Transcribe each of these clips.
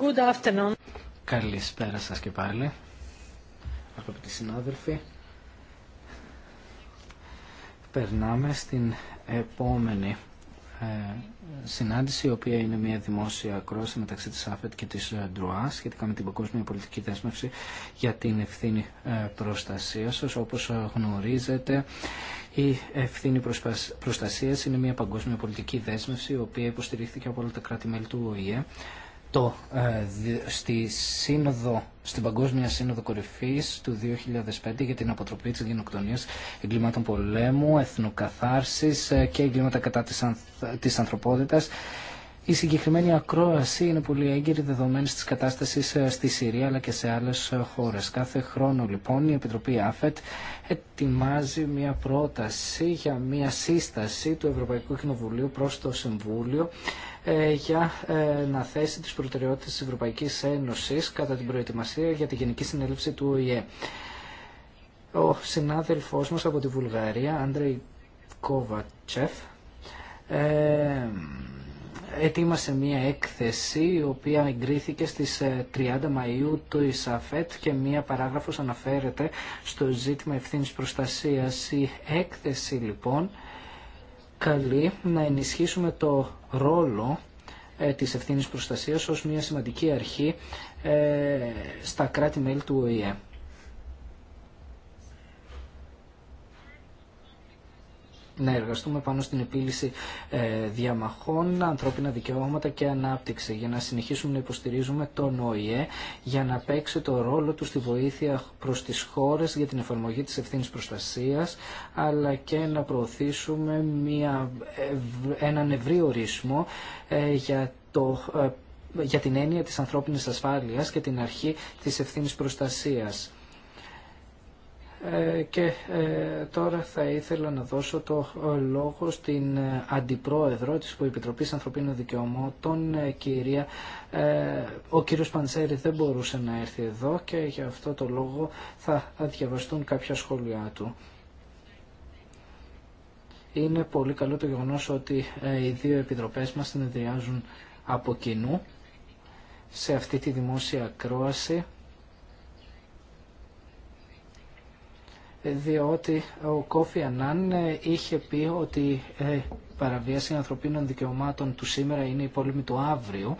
Good afternoon. Καλησπέρα σας και πάλι, αγαπητοί συνάδελφοι. Περνάμε στην επόμενη ε, συνάντηση, η οποία είναι μια δημόσια κρόση μεταξύ της ΑΦΕΤ και της ε, ΔΡΟΑ σχετικά με την παγκόσμια πολιτική δέσμευση για την ευθύνη ε, προστασίας. Όπως γνωρίζετε, η ευθύνη προστασίας είναι μια παγκόσμια πολιτική δέσμευση, η οποία υποστηρίχθηκε από όλα τα κράτη-μέλη του ΟΗΕ ε, στη σύνοδο, στην Παγκόσμια Σύνοδο Κορυφής του 2005 για την αποτροπή της γενοκτονίας εγκλημάτων πολέμου, εθνοκαθάρσης ε, και εγκλήματα κατά της, ανθ, ανθρωπότητας. Η συγκεκριμένη ακρόαση είναι πολύ έγκυρη δεδομένη της κατάστασης ε, στη Συρία αλλά και σε άλλες χώρες. Κάθε χρόνο λοιπόν η Επιτροπή ΑΦΕΤ ετοιμάζει μια πρόταση για μια σύσταση του Ευρωπαϊκού Κοινοβουλίου προς το Συμβούλιο ε, για ε, να θέσει τις προτεραιότητες της Ευρωπαϊκής Ένωσης κατά την προετοιμασία για τη Γενική Συνέλευση του ΟΗΕ. Ο συνάδελφός μας από τη Βουλγαρία, Άντρεϊ Κόβατσεφ, ε, ετοίμασε μία έκθεση η οποία εγκρίθηκε στις 30 Μαΐου του ΙΣΑΦΕΤ και μία παράγραφος αναφέρεται στο ζήτημα ευθύνης προστασίας. Η έκθεση λοιπόν καλεί να ενισχύσουμε το ρόλο ε, της ευθύνης προστασίας ως μια σημαντική αρχή ε, στα κράτη-μέλη του ΟΗΕ. να εργαστούμε πάνω στην επίλυση ε, διαμαχών, ανθρώπινα δικαιώματα και ανάπτυξη, για να συνεχίσουμε να υποστηρίζουμε τον ΟΗΕ για να παίξει το ρόλο του στη βοήθεια προς τις χώρες για την εφαρμογή της ευθύνης προστασίας, αλλά και να προωθήσουμε μια, έναν ευρύ ορισμό ε, για το ε, για την έννοια της ανθρώπινης ασφάλειας και την αρχή της ευθύνης προστασίας. Ε, και ε, τώρα θα ήθελα να δώσω το ε, λόγο στην Αντιπρόεδρο της Επιτροπής Ανθρωπίνων Δικαιωμάτων, κυρία. Ο κύριος Παντσέρη δεν μπορούσε να έρθει εδώ και για αυτό το λόγο θα διαβαστούν κάποια σχόλιά του. Είναι πολύ καλό το γεγονός ότι οι δύο επιτροπές μας συνεδριάζουν από κοινού σε αυτή τη δημόσια κρόαση διότι ο Κόφι Ανάν είχε πει ότι ε, παραβίαση ανθρωπίνων δικαιωμάτων του σήμερα είναι η πόλεμη του αύριο,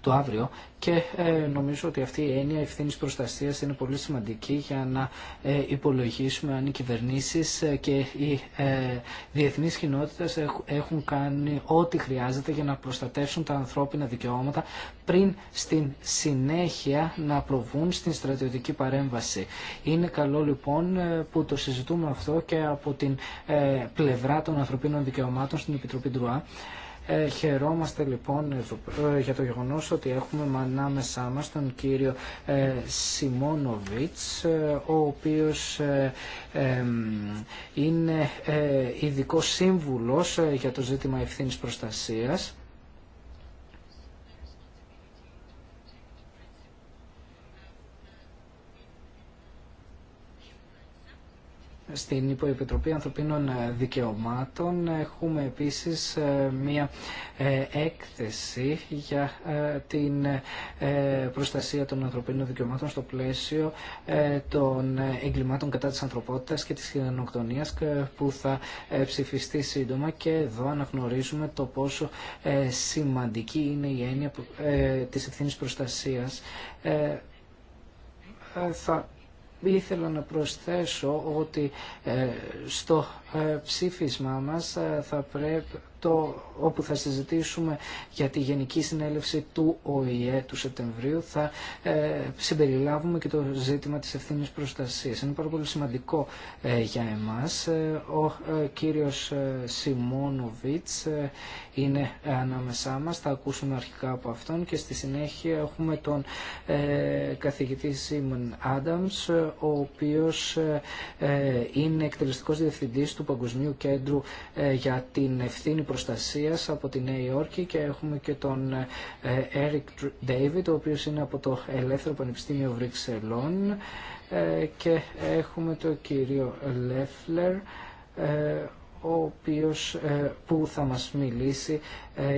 του αύριο και ε, νομίζω ότι αυτή η έννοια ευθύνη προστασία είναι πολύ σημαντική για να ε, υπολογίσουμε αν οι κυβερνήσει ε, και οι διεθνεί κοινότητε έχουν κάνει ό,τι χρειάζεται για να προστατεύσουν τα ανθρώπινα δικαιώματα πριν στην συνέχεια να προβούν στην στρατιωτική παρέμβαση. Είναι καλό λοιπόν που το συζητούμε αυτό και από την πλευρά των ανθρωπίνων δικαιωμάτων στην Επιτροπή ε, χαιρόμαστε λοιπόν ε, για το γεγονός ότι έχουμε ανάμεσά μας τον κύριο ε, Σιμόνοβιτς ε, ο οποίος είναι ειδικό σύμβουλος για το ζήτημα ευθύνης προστασίας στην Υποεπιτροπή Ανθρωπίνων Δικαιωμάτων. Έχουμε επίσης ε, μία ε, έκθεση για ε, την προστασία των ανθρωπίνων δικαιωμάτων στο πλαίσιο των εγκλημάτων κατά της ανθρωπότητας και της χειρονοκτονίας που θα ψηφιστεί σύντομα και εδώ αναγνωρίζουμε το πόσο σημαντική είναι η έννοια της ευθύνης προστασίας. Ήθελα να προσθέσω ότι ε, στο ε, ψήφισμα μας ε, θα πρέπει το, όπου θα συζητήσουμε για τη Γενική Συνέλευση του ΟΗΕ του Σεπτεμβρίου θα ε, συμπεριλάβουμε και το ζήτημα της ευθύνης προστασίας. Είναι πάρα πολύ σημαντικό ε, για εμάς. Ε, ο ε, κύριος Σιμόνοβιτς είναι ανάμεσά μας. Θα ακούσουμε αρχικά από αυτόν και στη συνέχεια έχουμε τον καθηγητή Σίμον Άνταμς ο οποίος είναι εκτελεστικός διευθυντής του Παγκοσμίου Κέντρου για την ευθύνη Προστασίας από τη Νέα Υόρκη και έχουμε και τον ε, Eric David, ο οποίος είναι από το Ελεύθερο Πανεπιστήμιο Βρυξελών ε, και έχουμε τον κύριο Λέφλερ, ε, ο οποίος που θα μας μιλήσει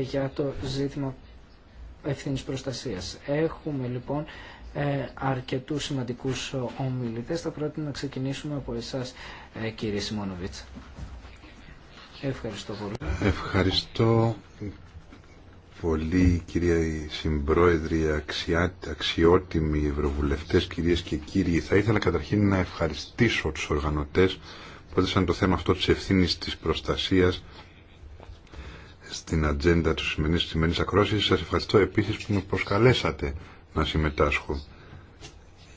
για το ζήτημα ευθύνης προστασίας. Έχουμε λοιπόν αρκετούς σημαντικούς ομιλητές. Θα πρότεινα να ξεκινήσουμε από εσάς κύριε Σιμόνοβιτς. Ευχαριστώ πολύ. Ευχαριστώ πολύ κυρία Συμπρόεδρη, αξιότιμοι ευρωβουλευτές, κυρίες και κύριοι. Θα ήθελα καταρχήν να ευχαριστήσω τους οργανωτές που έδωσαν το θέμα αυτό της ευθύνη της προστασίας στην ατζέντα του σημερινής, σημερινής Σας ευχαριστώ επίσης που με προσκαλέσατε να συμμετάσχω.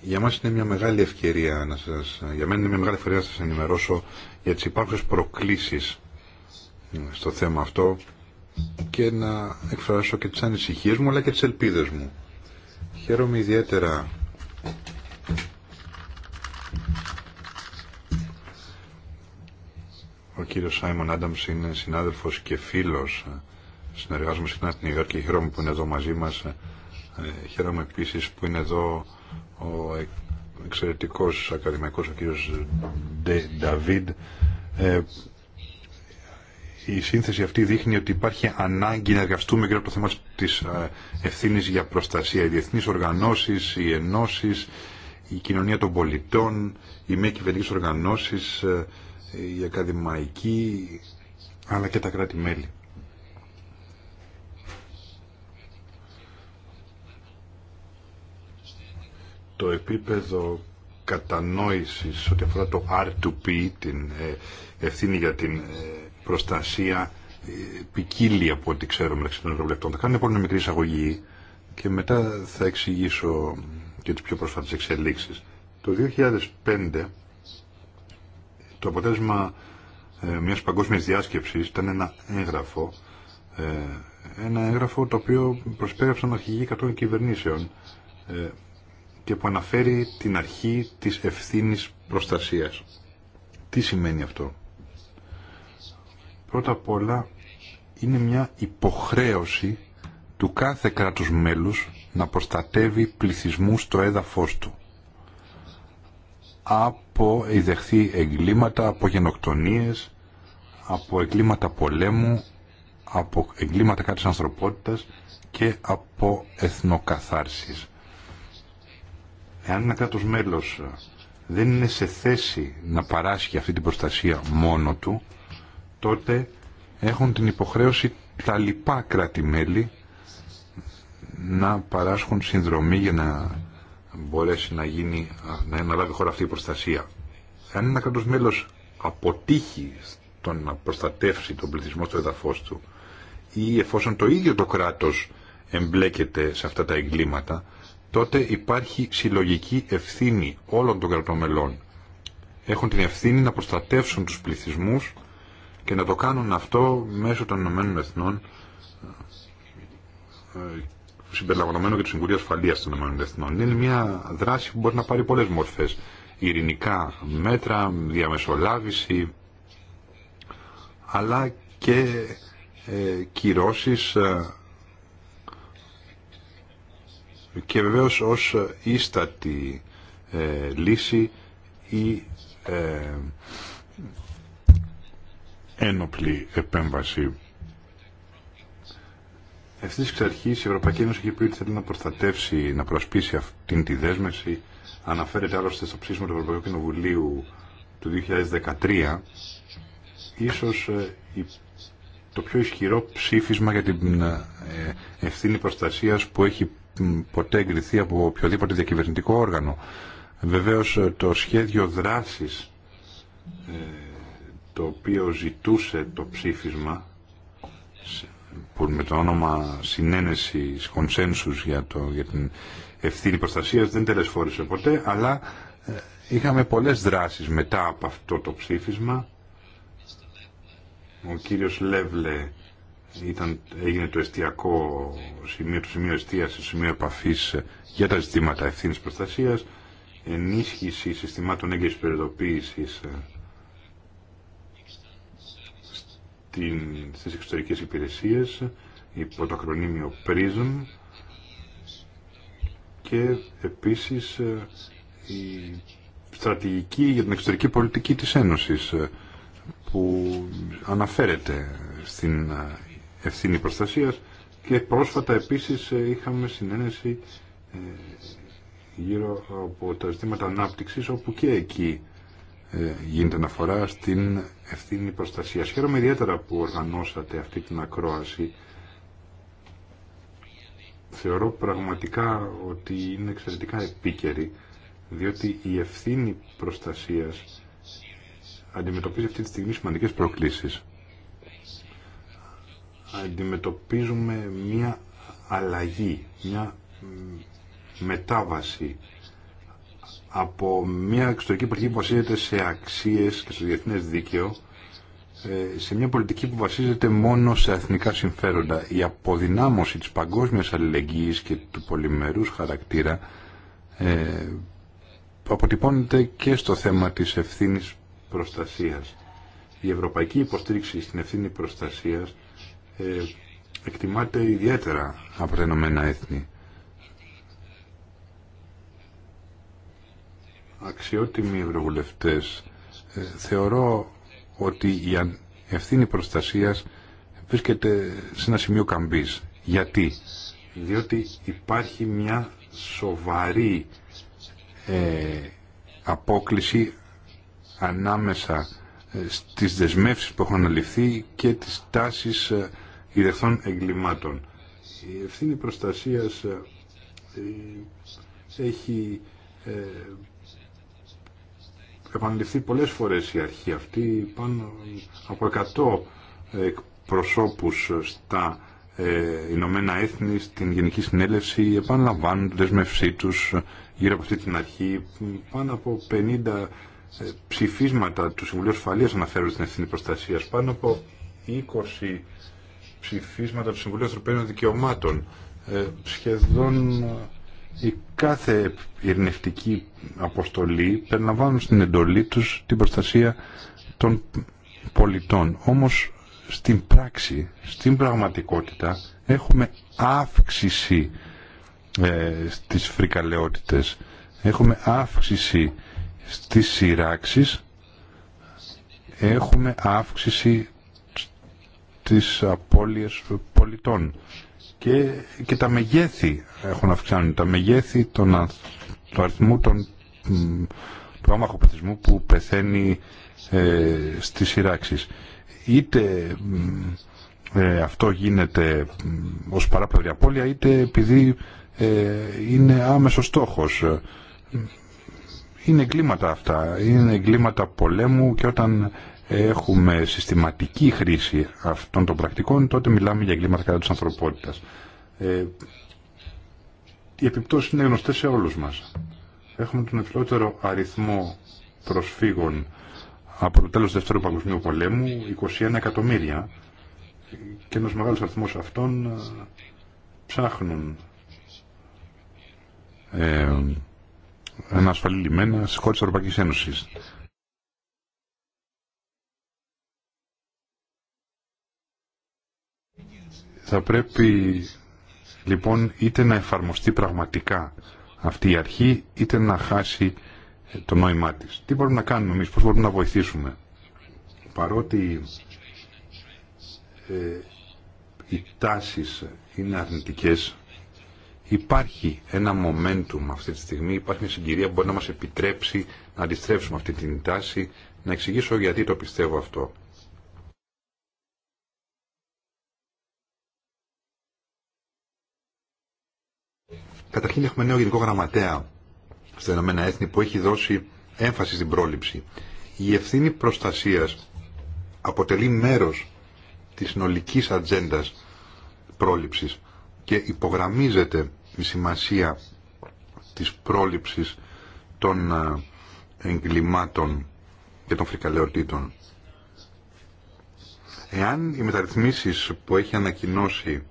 Για μας είναι μια μεγάλη ευκαιρία να σας, για μένα είναι μια μεγάλη ευκαιρία να σας ενημερώσω για τις υπάρχουσες προκλήσεις στο θέμα αυτό και να εκφράσω και τις ανησυχίες μου αλλά και τις ελπίδες μου. Χαίρομαι ιδιαίτερα ο κύριος Σάιμον Άνταμς είναι συνάδελφος και φίλος συνεργάζομαι συχνά στην Ιγάρ και χαίρομαι που είναι εδώ μαζί μας ε, χαίρομαι επίσης που είναι εδώ ο εξαιρετικός ακαδημαϊκός ο κύριος Νταβίδ ε, η σύνθεση αυτή δείχνει ότι υπάρχει ανάγκη να εργαστούμε και από το θέμα της ε, ευθύνη για προστασία. Οι διεθνείς οργανώσεις, οι ενώσεις, η κοινωνία των πολιτών, οι μη κυβερνικές οργανώσεις, οι ε, ακαδημαϊκοί, αλλά και τα κράτη-μέλη. Το επίπεδο κατανόησης ό,τι αφορά το R2P, την ε, ευθύνη για την προστασία ε, ποικίλια από ό,τι ξέρουμε μεταξύ των ευρωβουλευτών. Θα κάνω λοιπόν μια μικρή εισαγωγή και μετά θα εξηγήσω και τις πιο πρόσφατες εξελίξεις. Το 2005 το αποτέλεσμα ε, μιας παγκόσμιας διάσκεψης ήταν ένα έγγραφο ε, ένα έγγραφο το οποίο προσπέραψαν αρχηγοί 100 κυβερνήσεων και που αναφέρει την αρχή της ευθύνης προστασίας. Τι σημαίνει αυτό. Πρώτα απ' όλα είναι μια υποχρέωση του κάθε κράτους μέλους να προστατεύει πληθυσμού στο έδαφος του από ειδεχθεί εγκλήματα, από γενοκτονίες, από εγκλήματα πολέμου, από εγκλήματα κάτω της ανθρωπότητας και από εθνοκαθάρσεις. Εάν ένα κράτος μέλος δεν είναι σε θέση να παράσχει αυτή την προστασία μόνο του, τότε έχουν την υποχρέωση τα λοιπά κράτη-μέλη να παράσχουν συνδρομή για να μπορέσει να γίνει, να χώρα αυτή η προστασία. Αν ένα κράτος μέλος αποτύχει στο να προστατεύσει τον πληθυσμό στο εδαφός του ή εφόσον το ίδιο το κράτος εμπλέκεται σε αυτά τα εγκλήματα, τότε υπάρχει συλλογική ευθύνη όλων των κρατών Έχουν την ευθύνη να προστατεύσουν τους πληθυσμούς και να το κάνουν αυτό μέσω των Ηνωμένων Εθνών ε, συμπεριλαμβανομένου και του Συμβουλίου Ασφαλεία των Ηνωμένων Εθνών. Είναι μια δράση που μπορεί να πάρει πολλέ μορφέ. Ειρηνικά μέτρα, διαμεσολάβηση, αλλά και ε, κυρώσεις ε, και βεβαίως ως ίστατη ε, λύση ή ένοπλη επέμβαση. Αυτή εξ αρχή η Ευρωπαϊκή Ένωση έχει πει ότι θέλει να προστατεύσει, να προσπίσει αυτήν τη δέσμευση. Αναφέρεται άλλωστε στο ψήφισμα του Ευρωπαϊκού Κοινοβουλίου του 2013. Ίσως ε, το πιο ισχυρό ψήφισμα για την ε, ευθύνη προστασίας που έχει ποτέ εγκριθεί από οποιοδήποτε διακυβερνητικό όργανο. Βεβαίως ε, το σχέδιο δράσης το οποίο ζητούσε το ψήφισμα που με το όνομα συνένεσης, κονσένσους για, το, για την ευθύνη προστασίας δεν τελεσφόρησε ποτέ, αλλά ε, είχαμε πολλές δράσεις μετά από αυτό το ψήφισμα. Ο κύριος Λεύλε ήταν, έγινε το εστιακό σημείο, το σημείο εστίαση, σημείο επαφής ε, για τα ζητήματα ευθύνη προστασία, ενίσχυση συστημάτων έγκαιρη περιοδοποίηση ε, τις εξωτερικέ εξωτερικές υπηρεσίες υπό το ακρονίμιο PRISM και επίσης ε, η στρατηγική για την εξωτερική πολιτική της Ένωσης ε, που αναφέρεται στην ε, ευθύνη προστασίας και πρόσφατα επίσης είχαμε συνένεση γύρω από τα ζητήματα ανάπτυξης όπου και εκεί ε, γίνεται αναφορά στην ευθύνη προστασίας. Χαίρομαι ιδιαίτερα που οργανώσατε αυτή την ακρόαση. Θεωρώ πραγματικά ότι είναι εξαιρετικά επίκαιρη, διότι η ευθύνη προστασίας αντιμετωπίζει αυτή τη στιγμή σημαντικές προκλήσεις. Αντιμετωπίζουμε μια αλλαγή, μια μετάβαση από μια εξωτερική πολιτική που βασίζεται σε αξίες και στο διεθνέ δίκαιο ε, σε μια πολιτική που βασίζεται μόνο σε εθνικά συμφέροντα. Η αποδυνάμωση της παγκόσμιας αλληλεγγύης και του πολυμερούς χαρακτήρα ε, αποτυπώνεται και στο θέμα της ευθύνης προστασίας. Η ευρωπαϊκή υποστήριξη στην ευθύνη προστασίας ε, εκτιμάται ιδιαίτερα από τα Ηνωμένα Έθνη. αξιότιμοι ευρωβουλευτές, ε, θεωρώ ότι η ευθύνη προστασίας βρίσκεται σε ένα σημείο καμπής. Γιατί? Διότι υπάρχει μια σοβαρή ε, απόκληση ανάμεσα ε, στις δεσμεύσεις που έχουν αναλυφθεί και τις τάσεις ιδεχθών εγκλημάτων. Η ευθύνη προστασίας έχει επαναληφθεί πολλές φορές η αρχή αυτή, πάνω από 100 ε, προσώπους στα ε, Ηνωμένα Έθνη, στην Γενική Συνέλευση, επαναλαμβάνουν τη δεσμευσή τους γύρω από αυτή την αρχή. Πάνω από 50 ε, ψηφίσματα του Συμβουλίου Ασφαλείας αναφέρουν στην ευθύνη προστασία, πάνω από 20 ψηφίσματα του Συμβουλίου Ανθρωπίνων Δικαιωμάτων, ε, σχεδόν η κάθε ειρνευτική αποστολή περιλαμβάνουν στην εντολή τους την προστασία των πολιτών. Όμως στην πράξη, στην πραγματικότητα έχουμε αύξηση ε, στις φρικαλαιότητες. Έχουμε αύξηση στις σειράξεις, έχουμε αύξηση της απώλειες πολιτών και, τα μεγέθη έχουν αυξάνει. Τα μεγέθη των, του αριθμού των, του άμαχου που πεθαίνει ε, στις σειράξεις. Είτε ε, αυτό γίνεται ως παράπλευρη απώλεια, είτε επειδή ε, είναι άμεσος στόχος. Είναι εγκλήματα αυτά, είναι εγκλήματα πολέμου και όταν έχουμε συστηματική χρήση αυτών των πρακτικών, τότε μιλάμε για εγκλήματα κατά της ανθρωπότητας. Ε, οι επιπτώσεις είναι γνωστές σε όλους μας. Έχουμε τον υψηλότερο αριθμό προσφύγων από το τέλος του Δεύτερου Παγκοσμίου Πολέμου, 21 εκατομμύρια, και ένας μεγάλος αριθμός αυτών ε, ψάχνουν ε, ένα ασφαλή λιμένα στις χώρες της Ευρωπαϊκής Ένωσης. Θα πρέπει λοιπόν είτε να εφαρμοστεί πραγματικά αυτή η αρχή είτε να χάσει το νόημά της. Τι μπορούμε να κάνουμε εμείς, πώς μπορούμε να βοηθήσουμε. Παρότι ε, οι τάσεις είναι αρνητικές, υπάρχει ένα momentum αυτή τη στιγμή, υπάρχει μια συγκυρία που μπορεί να μας επιτρέψει να αντιστρέψουμε αυτή την τάση, να εξηγήσω γιατί το πιστεύω αυτό. Καταρχήν έχουμε νέο γενικό γραμματέα στην Ηνωμένα Έθνη που έχει δώσει έμφαση στην πρόληψη. Η ευθύνη προστασίας αποτελεί μέρος της συνολική ατζέντα πρόληψης και υπογραμμίζεται η σημασία της πρόληψης των ε, εγκλημάτων και των φρικαλαιοτήτων. Εάν οι μεταρρυθμίσεις που έχει ανακοινώσει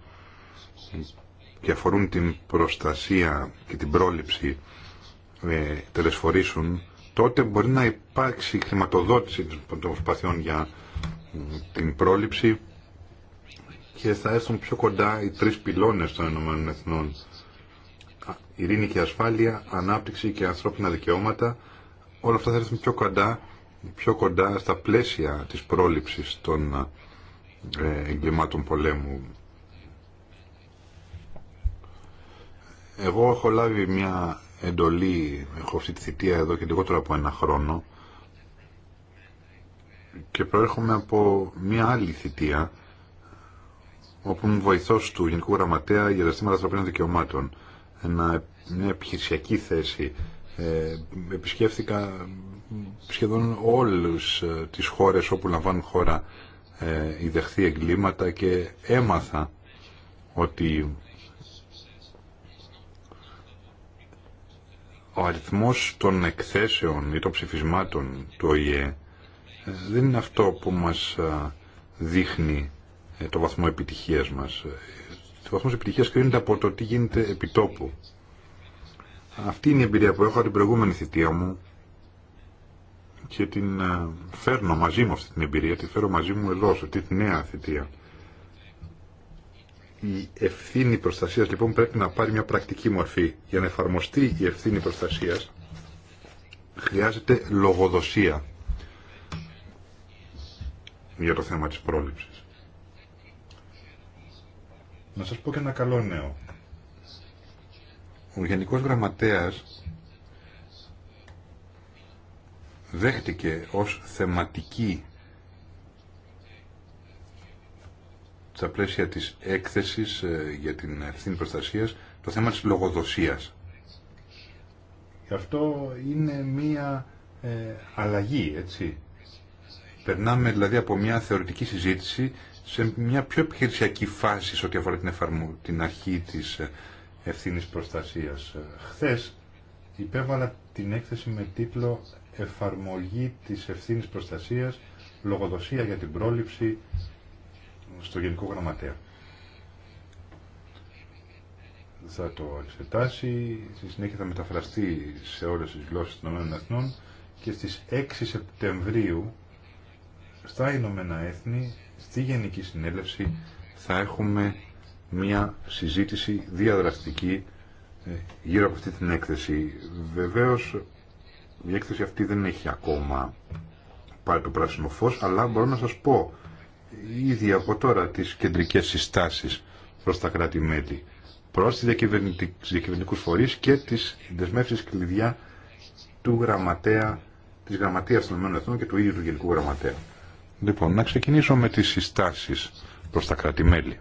και αφορούν την προστασία και την πρόληψη ε, τελεσφορήσουν, τότε μπορεί να υπάρξει χρηματοδότηση των προσπαθειών για την πρόληψη και θα έρθουν πιο κοντά οι τρεις πυλώνες των Ηνωμένων Εθνών. Ειρήνη και ασφάλεια, ανάπτυξη και ανθρώπινα δικαιώματα, όλα αυτά θα έρθουν πιο κοντά, πιο κοντά στα πλαίσια της πρόληψης των ε, εγκλημάτων πολέμου. Εγώ έχω λάβει μια εντολή, έχω αυτή τη θητεία εδώ και λιγότερο από ένα χρόνο και προέρχομαι από μια άλλη θητεία όπου μου βοηθό του Γενικού Γραμματέα για τα Στήματα ανθρωπίνων δικαιωμάτων. Ένα, μια επιχειρησιακή θέση. Ε, επισκέφθηκα σχεδόν όλους ε, τις χώρες όπου λαμβάνουν χώρα ε, οι δεχθεί εγκλήματα και έμαθα ότι ο αριθμός των εκθέσεων ή των ψηφισμάτων του ΟΗΕ δεν είναι αυτό που μας δείχνει ε, το βαθμό επιτυχίας μας. Ε, το βαθμό επιτυχίας κρίνεται από το τι γίνεται επί τόπου. Αυτή είναι η εμπειρία που έχω από την προηγούμενη θητεία μου και την φέρνω μαζί μου αυτή την εμπειρία, τη φέρω μαζί μου εδώ, σε αυτή τη νέα θητεία η ευθύνη προστασίας λοιπόν πρέπει να πάρει μια πρακτική μορφή. Για να εφαρμοστεί η ευθύνη προστασίας χρειάζεται λογοδοσία για το θέμα της πρόληψης. Να σας πω και ένα καλό νέο. Ο Γενικός Γραμματέας δέχτηκε ως θεματική στα πλαίσια της έκθεσης ε, για την ευθύνη προστασίας το θέμα της λογοδοσίας. Αυτό είναι μία ε, αλλαγή, έτσι. Περνάμε δηλαδή από μια αλλαγη ετσι περναμε δηλαδη συζήτηση σε μια πιο επιχειρησιακή φάση σε ό,τι αφορά την, την αρχή της ε, ευθύνης προστασίας. Ε, χθες υπέβαλα την έκθεση με τίτλο «Εφαρμογή της ευθύνης προστασίας, λογοδοσία για την πρόληψη, στο Γενικό Γραμματέα. Θα το εξετάσει, στη συνέχεια θα μεταφραστεί σε όλες τις γλώσσες των Εθνών και στις 6 Σεπτεμβρίου στα Ηνωμένα Έθνη, στη Γενική Συνέλευση, θα έχουμε μια συζήτηση διαδραστική ε, γύρω από αυτή την έκθεση. Βεβαίως, η έκθεση αυτή δεν έχει ακόμα πάρει το πράσινο φως, αλλά μπορώ να σας πω ήδη από τώρα τις κεντρικές συστάσεις προς τα κράτη-μέλη, προς τις διακυβερνητικούς φορείς και τις δεσμεύσεις κλειδιά του γραμματέα, της γραμματείας των ΗΠΑ και του ίδιου του Γενικού Γραμματέα. Λοιπόν, να ξεκινήσω με τις συστάσεις προς τα κράτη-μέλη.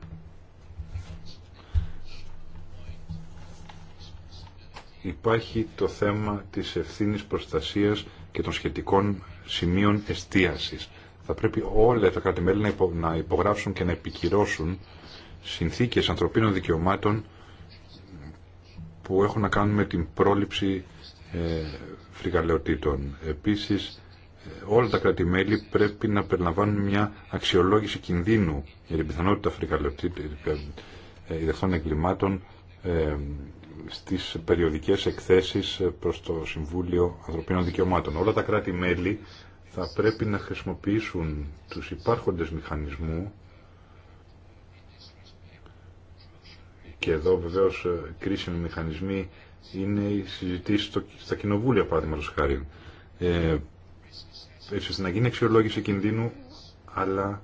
Υπάρχει το θέμα της ευθύνης προστασίας και των σχετικών σημείων εστίασης θα πρέπει όλα τα κράτη-μέλη να υπογράψουν και να επικυρώσουν συνθήκες ανθρωπίνων δικαιωμάτων που έχουν να κάνουν με την πρόληψη ε, φρικαλαιοτήτων. Επίσης, ε, όλα τα κράτη-μέλη πρέπει να περιλαμβάνουν μια αξιολόγηση κινδύνου για την πιθανότητα φρικαλαιοτήτων ε, εγκλημάτων στις περιοδικές εκθέσεις προς το Συμβούλιο Ανθρωπίνων Δικαιωμάτων. Όλα τα κράτη-μέλη θα πρέπει να χρησιμοποιήσουν τους υπάρχοντες μηχανισμού και εδώ βεβαίως ε, κρίσιμοι μηχανισμοί είναι οι συζητήσει στα κοινοβούλια παραδείγματος χάρη ε, έτσι ώστε να γίνει αξιολόγηση κινδύνου αλλά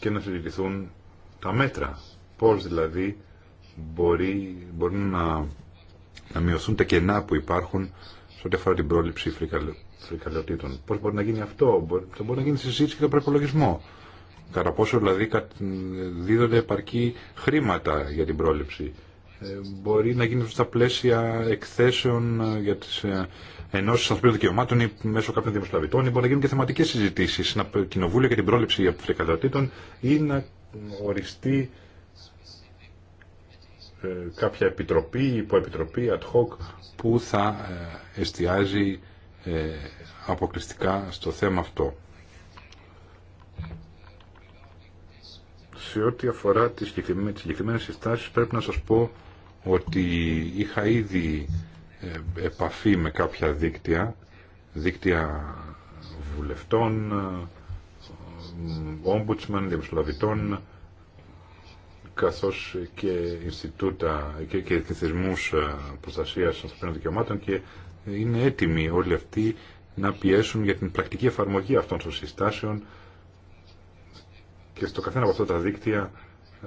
και να συζητηθούν τα μέτρα πώς δηλαδή μπορεί, να, να μειωθούν τα κενά που υπάρχουν σε ό,τι αφορά την πρόληψη φρικαλαιοτήτων. Πώς μπορεί να γίνει αυτό, μπορεί να γίνει συζήτηση και τον προπολογισμό. Κατά πόσο δηλαδή δίδονται επαρκή χρήματα για την πρόληψη. Ε, μπορεί να γίνει στα πλαίσια εκθέσεων ε, για τι ε, ενώσει ανθρωπίνων δικαιωμάτων ή μέσω κάποιων δημοσιογραφητών, μπορεί να γίνουν και θεματικέ συζητήσει, ένα κοινοβούλιο για την πρόληψη Φρικαλαιοτήτων ή να οριστεί κάποια επιτροπή, υποεπιτροπή, ad hoc, που θα εστιάζει ε, αποκλειστικά στο θέμα αυτό. Σε ό,τι αφορά τις συγκεκριμένες συστάσεις πρέπει να σας πω ότι είχα ήδη ε, επαφή με κάποια δίκτυα, δίκτυα βουλευτών, ομπουτσμαν, ε, διαμεσολαβητών, καθώς και Ινστιτούτα και, και θεσμούς προστασίας ανθρωπίνων δικαιωμάτων και είναι έτοιμοι όλοι αυτοί να πιέσουν για την πρακτική εφαρμογή αυτών των συστάσεων και στο καθένα από αυτά τα δίκτυα ε,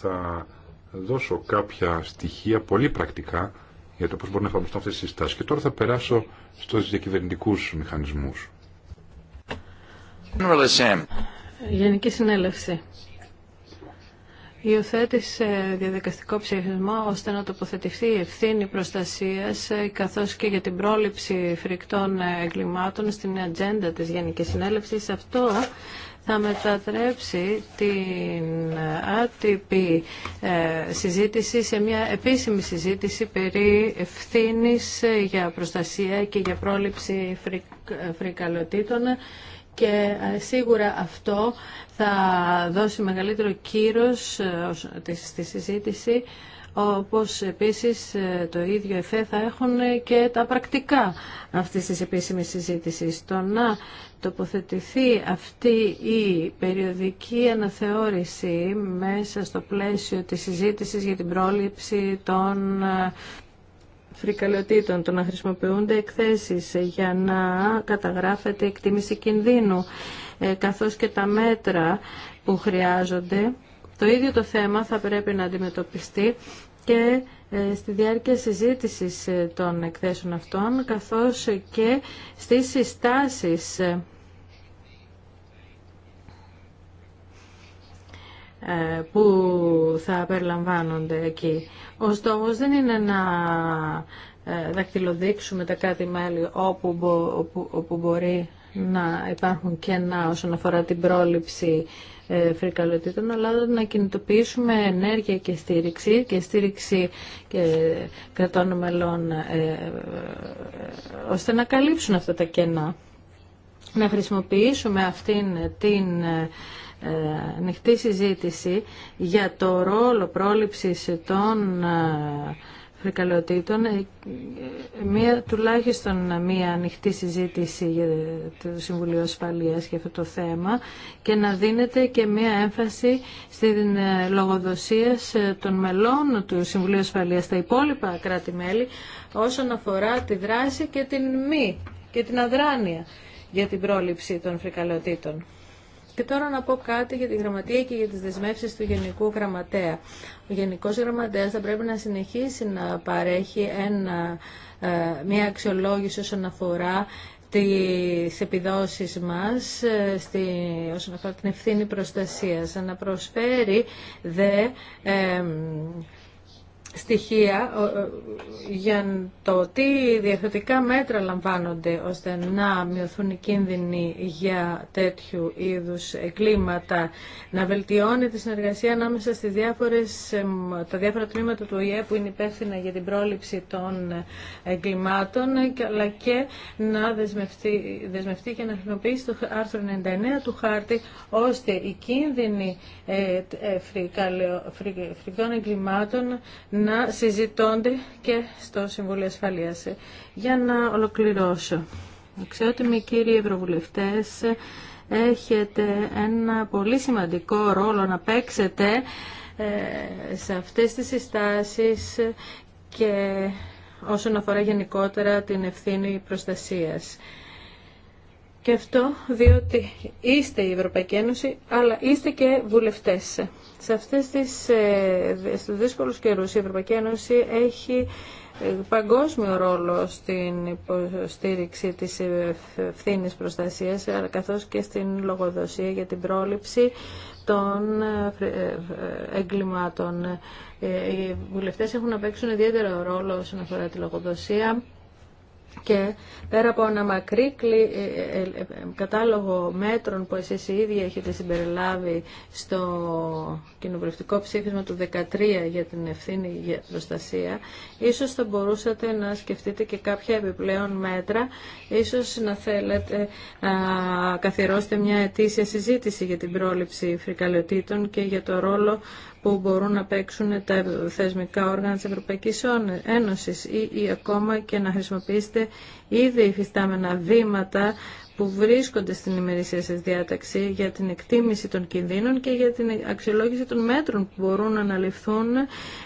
θα δώσω κάποια στοιχεία πολύ πρακτικά για το πώς μπορούν να εφαρμοστούν αυτές τις συστάσεις. Και τώρα θα περάσω στους διακυβερνητικούς μηχανισμούς. Γενική Συνέλευση υιοθέτησε διαδικαστικό ψηφισμό ώστε να τοποθετηθεί η ευθύνη προστασίας ε, καθώς και για την πρόληψη φρικτών ε, εγκλημάτων στην ατζέντα της Γενικής Συνέλευσης. Αυτό θα μετατρέψει την ε, άτυπη συζήτηση σε μια επίσημη συζήτηση περί ευθύνης για προστασία και για πρόληψη φρικαλωτήτων και ε, σίγουρα αυτό θα δώσει μεγαλύτερο κύρος ε, στη συζήτηση όπως επίσης ε, το ίδιο εφέ θα έχουν και τα πρακτικά αυτής της επίσημης συζήτησης. Το να τοποθετηθεί αυτή η περιοδική αναθεώρηση μέσα στο πλαίσιο της συζήτησης για την πρόληψη των φρικαλαιοτήτων, το να χρησιμοποιούνται εκθέσεις για να καταγράφεται εκτίμηση κινδύνου, ε, καθώς και τα μέτρα που χρειάζονται. Το ίδιο το θέμα θα πρέπει να αντιμετωπιστεί και ε, στη διάρκεια συζήτησης ε, των εκθέσεων αυτών, καθώς και στις συστάσεις που θα περιλαμβάνονται εκεί. Ο στόχο δεν είναι να ε, δακτυλοδείξουμε τα κάτι μέλη όπου, μπορεί να υπάρχουν κενά όσον αφορά την πρόληψη ε, φρικαλωτήτων, αλλά να κινητοποιήσουμε ενέργεια και στήριξη και στήριξη και κρατών μελών ε, ώστε να καλύψουν αυτά τα κενά. Να χρησιμοποιήσουμε αυτήν την ε, ανοιχτή συζήτηση για το ρόλο πρόληψης των ε, φρικαλαιοτήτων, ε, μία, τουλάχιστον μία ανοιχτή συζήτηση για το Συμβουλίο Ασφαλείας για αυτό το θέμα και να δίνεται και μία έμφαση στην λογοδοσία των μελών του Συμβουλίου Ασφαλείας στα υπόλοιπα κράτη-μέλη όσον αφορά τη δράση και την μη και την αδράνεια για την πρόληψη των φρικαλαιοτήτων. Και τώρα να πω κάτι για τη γραμματεία και για τις δεσμεύσεις του Γενικού Γραμματέα. Ο Γενικός Γραμματέας θα πρέπει να συνεχίσει να παρέχει ένα, ε, μια αξιολόγηση όσον αφορά τις επιδόσεις μας ε, στη, όσον αφορά την ευθύνη προστασίας. Να προσφέρει δε ε, στοιχεία για το τι διαθετικά μέτρα λαμβάνονται ώστε να μειωθούν οι κίνδυνοι για τέτοιου είδους κλίματα, να βελτιώνει τη συνεργασία ανάμεσα στις διάφορες, τα διάφορα τμήματα του ΟΗΕ που είναι υπεύθυνα για την πρόληψη των εγκλημάτων, αλλά και να δεσμευτεί, δεσμευτεί και να χρησιμοποιήσει το άρθρο 99 του χάρτη, ώστε οι κίνδυνοι ε, ε, φρικών εγκλημάτων να συζητώνται και στο Συμβούλιο Ασφαλείας. Για να ολοκληρώσω. Ξέρω ότι με κύριοι Ευρωβουλευτές έχετε ένα πολύ σημαντικό ρόλο να παίξετε ε, σε αυτές τις συστάσεις και όσον αφορά γενικότερα την ευθύνη προστασίας. Και αυτό διότι είστε η Ευρωπαϊκή Ένωση, αλλά είστε και βουλευτές. Σε αυτές τις, ε, δύσκολου δύσκολους καιρούς η Ευρωπαϊκή Ένωση έχει ε, παγκόσμιο ρόλο στην υποστήριξη της ευθύνη προστασίας, αλλά καθώς και στην λογοδοσία για την πρόληψη των ε, εγκλημάτων. Οι βουλευτές έχουν να παίξουν ιδιαίτερο ρόλο όσον αφορά τη λογοδοσία και πέρα από ένα μακρύ ε, ε, ε, κατάλογο μέτρων που εσείς οι ίδιοι έχετε συμπεριλάβει στο κοινοβουλευτικό ψήφισμα του 2013 για την ευθύνη για προστασία, ίσως θα μπορούσατε να σκεφτείτε και κάποια επιπλέον μέτρα, ίσως να θέλετε να καθιερώσετε μια ετήσια συζήτηση για την πρόληψη φρικαλαιοτήτων και για το ρόλο που μπορούν να παίξουν τα θεσμικά όργανα της Ευρωπαϊκής Ένωσης ή, ακόμα και να χρησιμοποιήσετε ήδη υφιστάμενα βήματα που βρίσκονται στην ημερησία σας διάταξη για την εκτίμηση των κινδύνων και για την αξιολόγηση των μέτρων που μπορούν να αναλυφθούν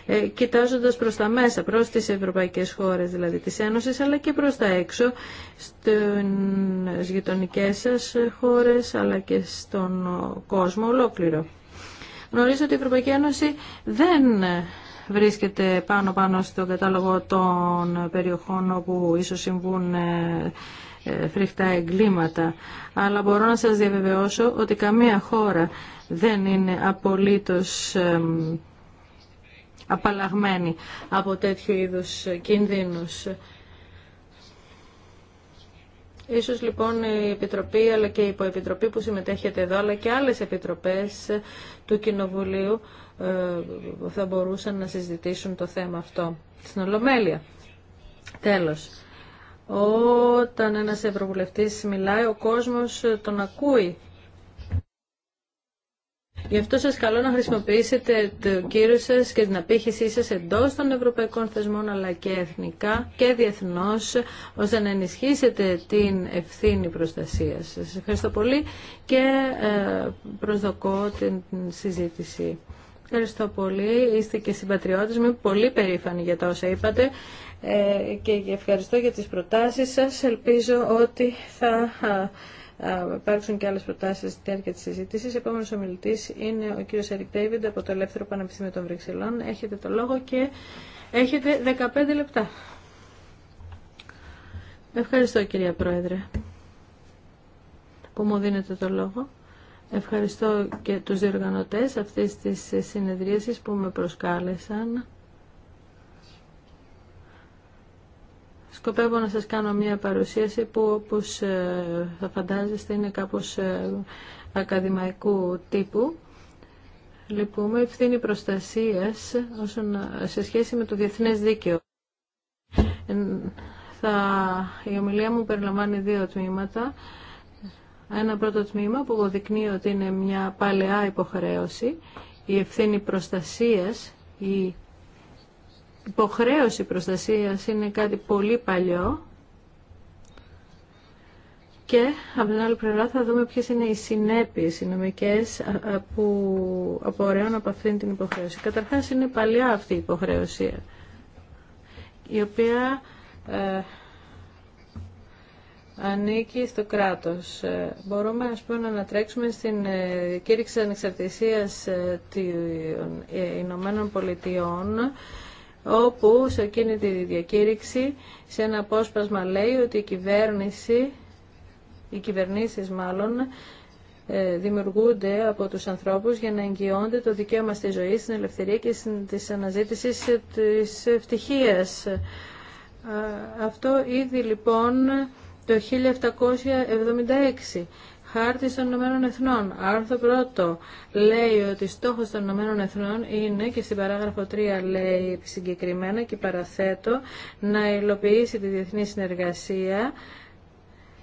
ε, κοιτάζοντας προς τα μέσα, προς τις ευρωπαϊκές χώρες δηλαδή της Ένωσης αλλά και προς τα έξω στις γειτονικές σας χώρες αλλά και στον ε, κόσμο ολόκληρο. Γνωρίζω ότι η Ευρωπαϊκή Ένωση δεν βρίσκεται πάνω-πάνω στον κατάλογο των περιοχών όπου ίσως συμβούν ε, ε, φρικτά εγκλήματα. Αλλά μπορώ να σας διαβεβαιώσω ότι καμία χώρα δεν είναι απολύτως απαλλαγμένη από τέτοιου είδους κινδύνους. Ίσως λοιπόν η Επιτροπή αλλά και η Υποεπιτροπή που συμμετέχετε εδώ αλλά και άλλες επιτροπές ε, του Κοινοβουλίου ε, θα μπορούσαν να συζητήσουν το θέμα αυτό στην Ολομέλεια. Τέλος. Όταν ένας ευρωβουλευτής μιλάει, ο κόσμος τον ακούει Γι' αυτό σας καλώ να χρησιμοποιήσετε το κύριο σας και την απήχησή σας εντός των ευρωπαϊκών θεσμών αλλά και εθνικά και διεθνώς ώστε να ενισχύσετε την ευθύνη προστασίας. Σας ευχαριστώ πολύ και ε, προσδοκώ την συζήτηση. Ευχαριστώ πολύ. Είστε και συμπατριώτες. Είμαι πολύ περήφανη για τα όσα είπατε ε, και ευχαριστώ για τις προτάσεις σας. Ελπίζω ότι θα υπάρξουν και άλλες προτάσεις στη διάρκεια της συζήτησης. Επόμενος ομιλητής είναι ο κύριος Ερικ από το Ελεύθερο Πανεπιστήμιο των Βρυξελών. Έχετε το λόγο και έχετε 15 λεπτά. Ευχαριστώ κυρία Πρόεδρε που μου δίνετε το λόγο. Ευχαριστώ και τους διοργανωτές αυτής της συνεδρίασης που με προσκάλεσαν. Σκοπεύω να σας κάνω μια παρουσίαση που όπως ε, θα φαντάζεστε είναι κάπως ε, ακαδημαϊκού τύπου. Λυπούμε ευθύνη προστασίας όσον, σε σχέση με το διεθνές δίκαιο. Ε, θα, η ομιλία μου περιλαμβάνει δύο τμήματα. Ένα πρώτο τμήμα που αποδεικνύει ότι είναι μια παλαιά υποχρέωση, η ευθύνη προστασίας, η υποχρέωση προστασίας είναι κάτι πολύ παλιό και από την άλλη πλευρά θα δούμε ποιες είναι οι συνέπειες οι νομικές που απορρέουν από αυτήν την υποχρέωση. Καταρχάς είναι παλιά αυτή η υποχρέωση η οποία ε, ανήκει στο κράτος. Ε, μπορούμε ας πούμε, να ανατρέξουμε στην ε, κήρυξη ανεξαρτησίας ε, των Ηνωμένων Πολιτειών όπου σε εκείνη τη διακήρυξη σε ένα απόσπασμα λέει ότι η κυβέρνηση, οι κυβερνήσεις μάλλον, ε, δημιουργούνται από τους ανθρώπους για να εγγυώνται το δικαίωμα στη ζωή, στην ελευθερία και της αναζήτηση της ευτυχίας. Αυτό ήδη λοιπόν το 1776 Χάρτη των Ηνωμένων Εθνών. Άρθρο 1 λέει ότι στόχο των Ηνωμένων Εθνών είναι και στην παράγραφο 3 λέει συγκεκριμένα και παραθέτω να υλοποιήσει τη διεθνή συνεργασία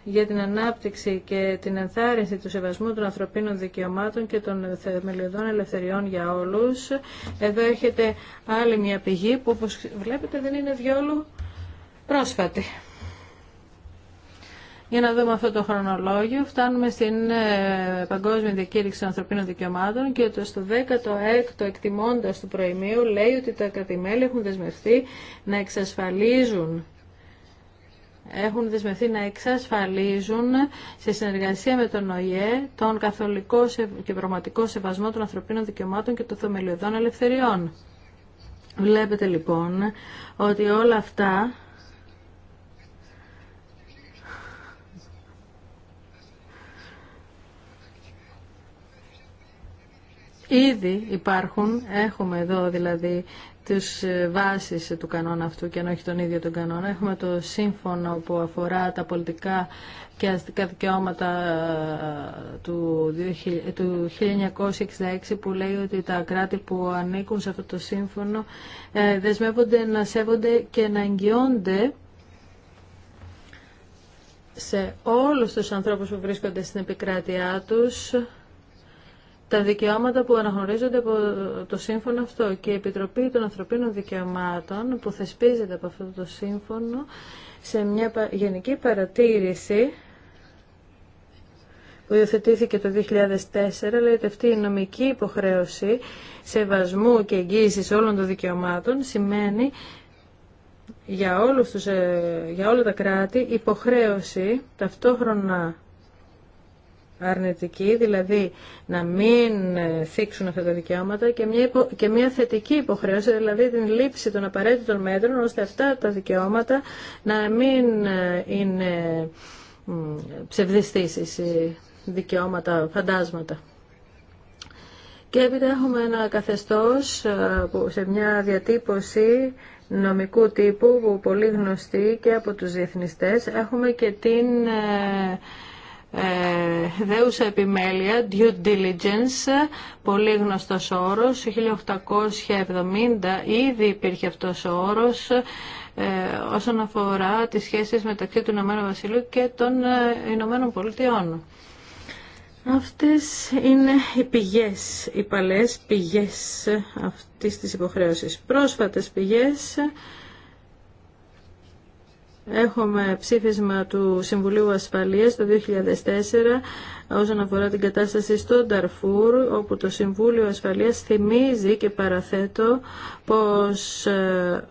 για την ανάπτυξη και την ενθάρρυνση του σεβασμού των ανθρωπίνων δικαιωμάτων και των θεμελιωδών ελευθεριών για όλους. Εδώ έχετε άλλη μια πηγή που όπως βλέπετε δεν είναι διόλου πρόσφατη. Για να δούμε αυτό το χρονολόγιο, φτάνουμε στην ε, Παγκόσμια Διακήρυξη των Ανθρωπίνων Δικαιωμάτων και το στο 16ο εκτιμώντα του προημείου λέει ότι τα κρατημέλη έχουν δεσμευθεί να εξασφαλίζουν έχουν δεσμευθεί να εξασφαλίζουν σε συνεργασία με τον ΟΗΕ τον καθολικό και πραγματικό σεβασμό των ανθρωπίνων δικαιωμάτων και των θεμελιωδών ελευθεριών. Βλέπετε λοιπόν ότι όλα αυτά Ήδη υπάρχουν, έχουμε εδώ δηλαδή τις βάσεις του κανόνα αυτού και αν όχι τον ίδιο τον κανόνα. Έχουμε το σύμφωνο που αφορά τα πολιτικά και αστικά δικαιώματα ε, του 1966 που λέει ότι τα κράτη που ανήκουν σε αυτό το σύμφωνο ε, δεσμεύονται να σέβονται και να εγγυώνται σε όλους τους ανθρώπους που βρίσκονται στην επικράτειά τους τα δικαιώματα που αναγνωρίζονται από το σύμφωνο αυτό και η Επιτροπή των Ανθρωπίνων Δικαιωμάτων που θεσπίζεται από αυτό το σύμφωνο σε μια γενική παρατήρηση που υιοθετήθηκε το 2004, λέει ότι αυτή η νομική υποχρέωση σεβασμού και εγγύησης όλων των δικαιωμάτων σημαίνει για, όλους τους, ε, για όλα τα κράτη υποχρέωση ταυτόχρονα αρνητική, δηλαδή να μην ε, θίξουν αυτά τα δικαιώματα και μια, και μια θετική υποχρέωση, δηλαδή την λήψη των απαραίτητων μέτρων, ώστε αυτά τα δικαιώματα να μην ε, είναι ψευδιστήσεις ή δικαιώματα, φαντάσματα. Και έπειτα έχουμε ένα καθεστώς ε, σε μια διατύπωση νομικού τύπου που πολύ γνωστή και από τους διεθνιστές. Έχουμε και την ε, δέουσα επιμέλεια, due diligence, πολύ γνωστός όρος, 1870 ήδη υπήρχε αυτός ο όρος ε, όσον αφορά τις σχέσεις μεταξύ του Ηνωμένου Βασιλείου και των ε, Ηνωμένων Πολιτειών. Αυτές είναι οι πηγές, οι παλές πηγές αυτής της υποχρέωσης. Πρόσφατες πηγές Έχουμε ψήφισμα του Συμβουλίου Ασφαλείας το 2004 όσον αφορά την κατάσταση στο Νταρφούρ, όπου το Συμβούλιο Ασφαλείας θυμίζει και παραθέτω πως ε,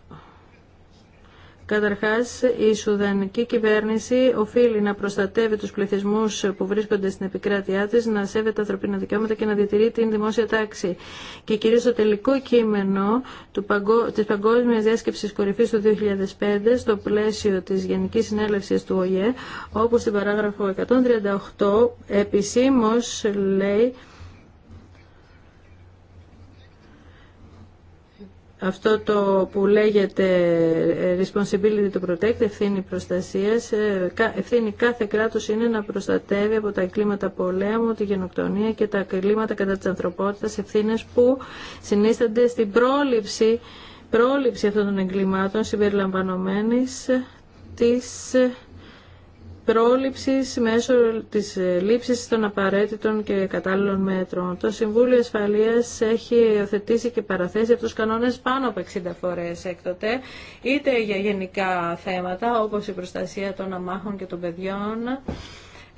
Καταρχάς, η Σουδανική κυβέρνηση οφείλει να προστατεύει τους πληθυσμούς που βρίσκονται στην επικράτειά της, να σέβεται τα ανθρωπίνα δικαιώματα και να διατηρεί την δημόσια τάξη. Και κυρίως το τελικό κείμενο του παγκο... της Παγκόσμιας Διάσκεψης Κορυφής του 2005 στο πλαίσιο της Γενικής Συνέλευσης του ΟΗΕ, όπως στην παράγραφο 138 επισήμως λέει αυτό το που λέγεται responsibility to protect, ευθύνη προστασίας, ε, ευθύνη κάθε κράτο είναι να προστατεύει από τα εγκλήματα πολέμου, τη γενοκτονία και τα εγκλήματα κατά της ανθρωπότητας, ευθύνε, που συνίστανται στην πρόληψη, πρόληψη αυτών των εγκλημάτων συμπεριλαμβανόμενη της πρόληψης μέσω της ε, λήψης των απαραίτητων και κατάλληλων μέτρων. Το Συμβούλιο Ασφαλείας έχει υιοθετήσει και παραθέσει αυτούς τους κανόνες πάνω από 60 φορές έκτοτε, είτε για γενικά θέματα όπως η προστασία των αμάχων και των παιδιών,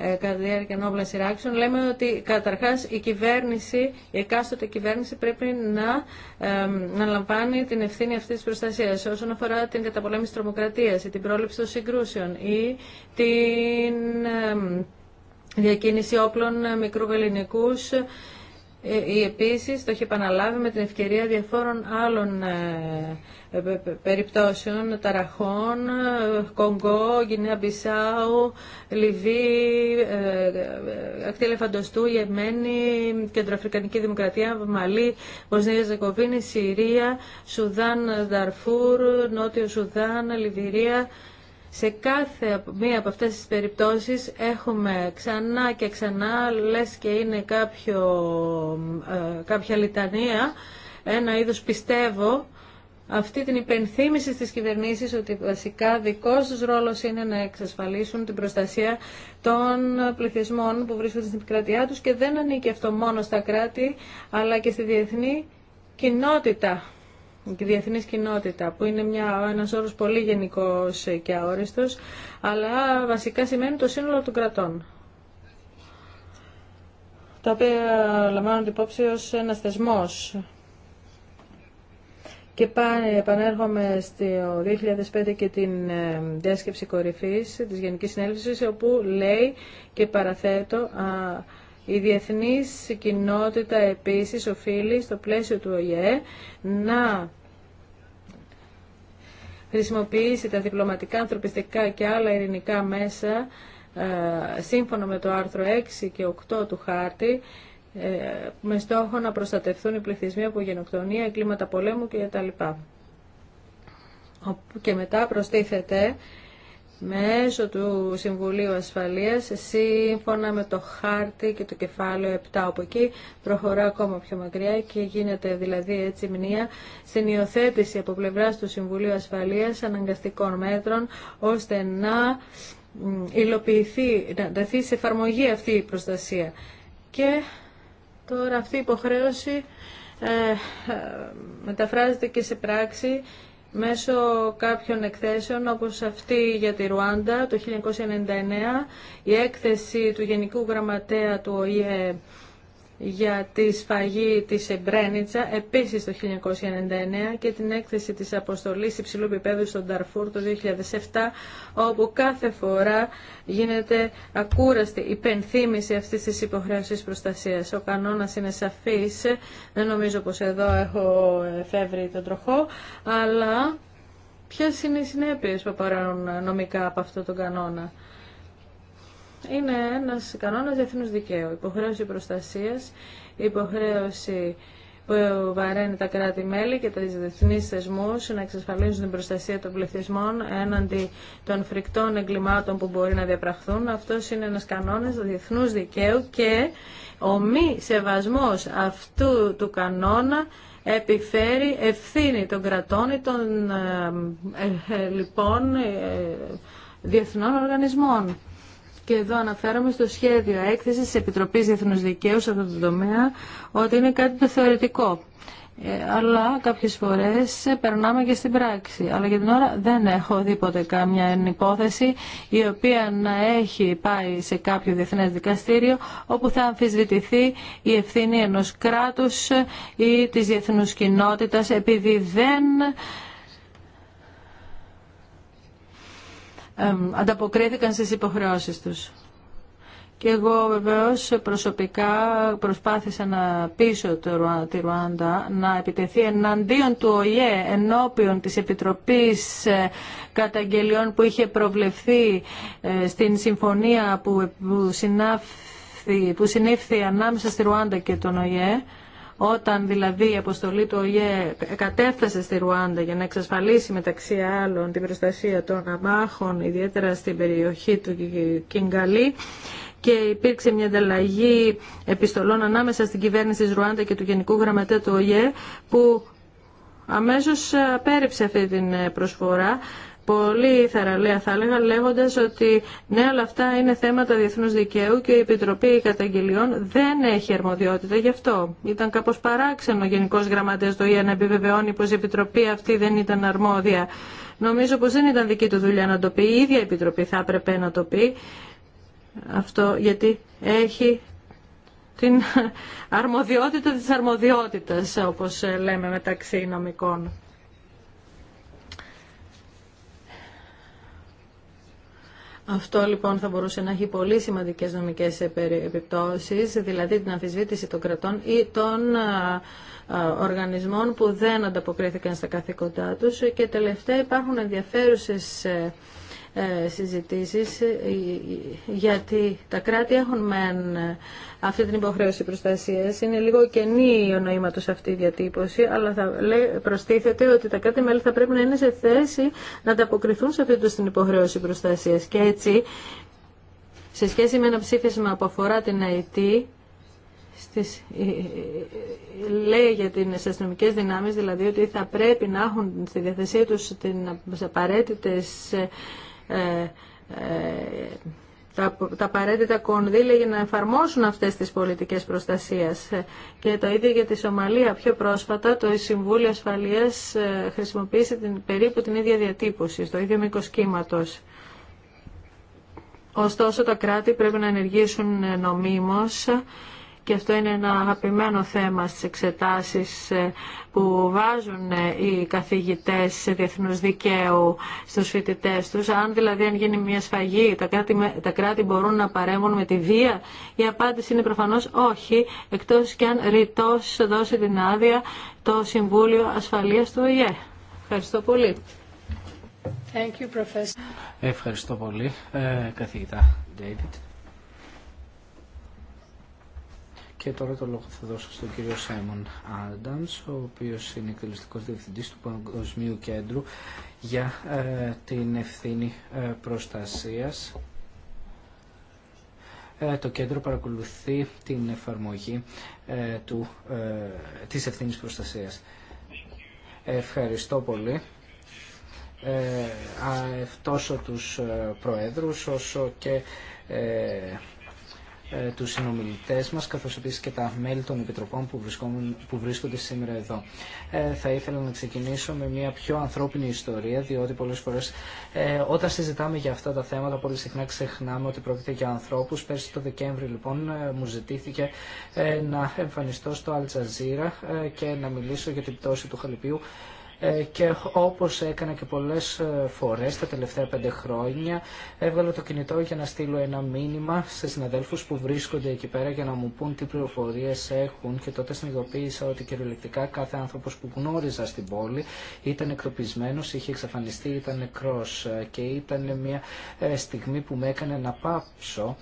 ε, κατά τη διάρκεια νόμπλα σειράξεων, λέμε ότι καταρχάς η κυβέρνηση, η εκάστοτε κυβέρνηση πρέπει να, ε, να λαμβάνει την ευθύνη αυτή τη προστασία όσον αφορά την καταπολέμηση τρομοκρατία, ή την πρόληψη των συγκρούσεων ή την διακίνηση όπλων μικρού ή ε, επίσης το έχει επαναλάβει με την ευκαιρία διαφόρων άλλων ε, ε, περιπτώσεων, ταραχών, Κονγκό, Γινέα Μπισάου, Λιβύη, Ακτή Ελεφαντοστού, Γεμένη, Κεντροαφρικανική Δημοκρατία, Μαλή, Βοσνία Ζεκοβίνη, Συρία, Σουδάν, Δαρφούρ, Νότιο Σουδάν, Λιβυρία, σε κάθε μία από αυτές τις περιπτώσεις έχουμε ξανά και ξανά, λες και είναι κάποιο, ε, κάποια λιτανία, ένα είδος πιστεύω, αυτή την υπενθύμηση στις κυβερνήσεις ότι βασικά δικός τους ρόλος είναι να εξασφαλίσουν την προστασία των πληθυσμών που βρίσκονται στην επικρατειά τους και δεν ανήκει αυτό μόνο στα κράτη αλλά και στη διεθνή κοινότητα η διεθνής κοινότητα, που είναι μια, ένας όρος πολύ γενικός και αόριστος, αλλά βασικά σημαίνει το σύνολο των κρατών τα οποία λαμβάνονται υπόψη ως ένας θεσμός. Και πάνε, επανέρχομαι στο 2005 και την ε, διάσκεψη κορυφής της Γενικής Συνέλευσης, όπου λέει και παραθέτω η διεθνής κοινότητα επίσης οφείλει στο πλαίσιο του ΟΗΕ να χρησιμοποιήσει τα διπλωματικά, ανθρωπιστικά και άλλα ειρηνικά μέσα ε, σύμφωνα με το άρθρο 6 και 8 του χάρτη ε, με στόχο να προστατευθούν οι πληθυσμοί από γενοκτονία, κλίματα πολέμου κτλ. Και μετά προστίθεται μέσω του Συμβουλίου Ασφαλείας σύμφωνα με το χάρτη και το κεφάλαιο 7 από εκεί προχωρά ακόμα πιο μακριά και γίνεται δηλαδή έτσι μνήα στην υιοθέτηση από πλευράς του Συμβουλίου Ασφαλείας αναγκαστικών μέτρων ώστε να υλοποιηθεί, να δεθεί σε εφαρμογή αυτή η προστασία. Και τώρα αυτή η υποχρέωση ε, ε, μεταφράζεται και σε πράξη μέσω κάποιων εκθέσεων όπως αυτή για τη Ρουάντα το 1999, η έκθεση του Γενικού Γραμματέα του ΟΗΕ για τη σφαγή της Εμπρένιτσα επίσης το 1999 και την έκθεση της αποστολής υψηλού επίπεδου στον Ταρφούρ το 2007 όπου κάθε φορά γίνεται ακούραστη υπενθύμηση αυτής της υποχρέωσης προστασίας. Ο κανόνας είναι σαφής, δεν νομίζω πως εδώ έχω φεύρει τον τροχό, αλλά ποιες είναι οι συνέπειες που παράγουν νομικά από αυτό τον κανόνα είναι ένας κανόνα διεθνού δικαίου. Υποχρέωση προστασία, υποχρέωση που βαραίνει τα κράτη-μέλη και τα διεθνεί θεσμού να εξασφαλίζουν την προστασία των πληθυσμών έναντι των φρικτών εγκλημάτων που μπορεί να διαπραχθούν. Αυτός είναι ένας κανόνα διεθνού δικαίου και ο μη σεβασμός αυτού του κανόνα επιφέρει ευθύνη των κρατών ή των ε, ε, ε, λοιπόν διεθνών οργανισμών. Και εδώ αναφέρομαι στο σχέδιο έκθεση τη Επιτροπή Διεθνού Δικαίου σε αυτό το τομέα ότι είναι κάτι το θεωρητικό. Ε, αλλά κάποιες φορές περνάμε και στην πράξη. Αλλά για την ώρα δεν έχω δίποτε κάμια υπόθεση η οποία να έχει πάει σε κάποιο διεθνές δικαστήριο όπου θα αμφισβητηθεί η ευθύνη ενός κράτους ή της διεθνούς κοινότητας επειδή δεν ανταποκρίθηκαν στις υποχρεώσεις τους. Και εγώ βεβαίως προσωπικά προσπάθησα να πείσω το, τη Ρουάντα να επιτεθεί εναντίον του ΟΙΕ ενώπιον της Επιτροπής ε, Καταγγελιών που είχε προβλεφθεί ε, στην συμφωνία που, που, που συνήφθη ανάμεσα στη Ρουάντα και τον ΟΗΕ όταν δηλαδή η αποστολή του ΟΙΕ κατέφτασε στη Ρουάντα για να εξασφαλίσει μεταξύ άλλων την προστασία των αμάχων, ιδιαίτερα στην περιοχή του Κιγκαλή, και υπήρξε μια ανταλλαγή επιστολών ανάμεσα στην κυβέρνηση της Ρουάντα και του Γενικού Γραμματέα του ΟΙΕ που αμέσως απέρριψε αυτή την προσφορά πολύ θαραλέα θα έλεγα λέγοντας ότι ναι όλα αυτά είναι θέματα διεθνούς δικαίου και η Επιτροπή Καταγγελιών δεν έχει αρμοδιότητα γι' αυτό. Ήταν κάπως παράξενο ο Γενικός Γραμματέας του ΙΑ να επιβεβαιώνει πως η Επιτροπή αυτή δεν ήταν αρμόδια. Νομίζω πως δεν ήταν δική του δουλειά να το πει, η ίδια η Επιτροπή θα έπρεπε να το πει αυτό γιατί έχει την αρμοδιότητα της αρμοδιότητας όπως λέμε μεταξύ νομικών. Αυτό λοιπόν θα μπορούσε να έχει πολύ σημαντικέ νομικέ επιπτώσεις, δηλαδή την αμφισβήτηση των κρατών ή των οργανισμών που δεν ανταποκρίθηκαν στα καθήκοντά του, Και τελευταία υπάρχουν ενδιαφέρουσε. Ε, ε, συζητήσεις ε, γιατί τα κράτη έχουν μεν αυτή την υποχρέωση προστασίας. Είναι λίγο κενή ο νοήματος αυτή η διατύπωση, αλλά θα προστίθεται ότι τα κράτη μέλη θα πρέπει να είναι σε θέση να ανταποκριθούν σε αυτή την υποχρέωση προστασίας. Και έτσι, σε σχέση με ένα ψήφισμα που αφορά την ΑΕΤ, στις, ε, λέει για τις αστυνομικές δυνάμεις δηλαδή ότι θα πρέπει να έχουν στη διαθεσία τους τις απαραίτητες ε, ε, τα, τα απαραίτητα κονδύλια για να εφαρμόσουν αυτές τις πολιτικές προστασίας. Ε, και το ίδιο για τη Σομαλία. Πιο πρόσφατα το Συμβούλιο Ασφαλείας χρησιμοποίησε την, περίπου την ίδια διατύπωση, το ίδιο μήκο κύματο. Ωστόσο τα κράτη πρέπει να ενεργήσουν νομίμως και αυτό είναι ένα αγαπημένο θέμα στις εξετάσεις ε, που βάζουν ε, οι καθηγητές σε διεθνούς δικαίου στους φοιτητές τους. Αν δηλαδή αν γίνει μια σφαγή, τα κράτη, τα κράτη μπορούν να παρέμβουν με τη βία. Η απάντηση είναι προφανώς όχι, εκτός και αν ρητός δώσει την άδεια το Συμβούλιο Ασφαλείας του ΟΗΕ. Ευχαριστώ πολύ. Thank you, Ευχαριστώ πολύ, ε, καθηγητά David. Και τώρα το λόγο θα δώσω στον κύριο Σάιμον Άνταμς, ο οποίος είναι εκτελεστικός διευθυντής του Παγκοσμίου Κέντρου για ε, την ευθύνη ε, προστασίας. Ε, το κέντρο παρακολουθεί την εφαρμογή του, της ευθύνης προστασίας. Ευχαριστώ πολύ ε, τόσο τους προέδρους όσο και ε, ε, τους συνομιλητές μας, καθώς επίσης και τα μέλη των επιτροπών που, που βρίσκονται σήμερα εδώ. Ε, θα ήθελα να ξεκινήσω με μια πιο ανθρώπινη ιστορία, διότι πολλές φορές ε, όταν συζητάμε για αυτά τα θέματα, πολύ συχνά ξεχνάμε ότι πρόκειται για ανθρώπους. Πέρσι το Δεκέμβρη λοιπόν ε, μου ζητήθηκε ε, να εμφανιστώ στο Αλτζαζίρα και να μιλήσω για την πτώση του Χαλιπίου ε, και όπως έκανα και πολλές ε, φορές τα τελευταία πέντε χρόνια έβγαλα το κινητό για να στείλω ένα μήνυμα σε συναδέλφους που βρίσκονται εκεί πέρα για να μου πούν τι πληροφορίες έχουν και τότε συνειδητοποίησα ότι κυριολεκτικά κάθε άνθρωπος που γνώριζα στην πόλη ήταν εκτοπισμένος, είχε εξαφανιστεί, ήταν νεκρός ε, και ήταν μια στιγμή που με έκανε να πάψω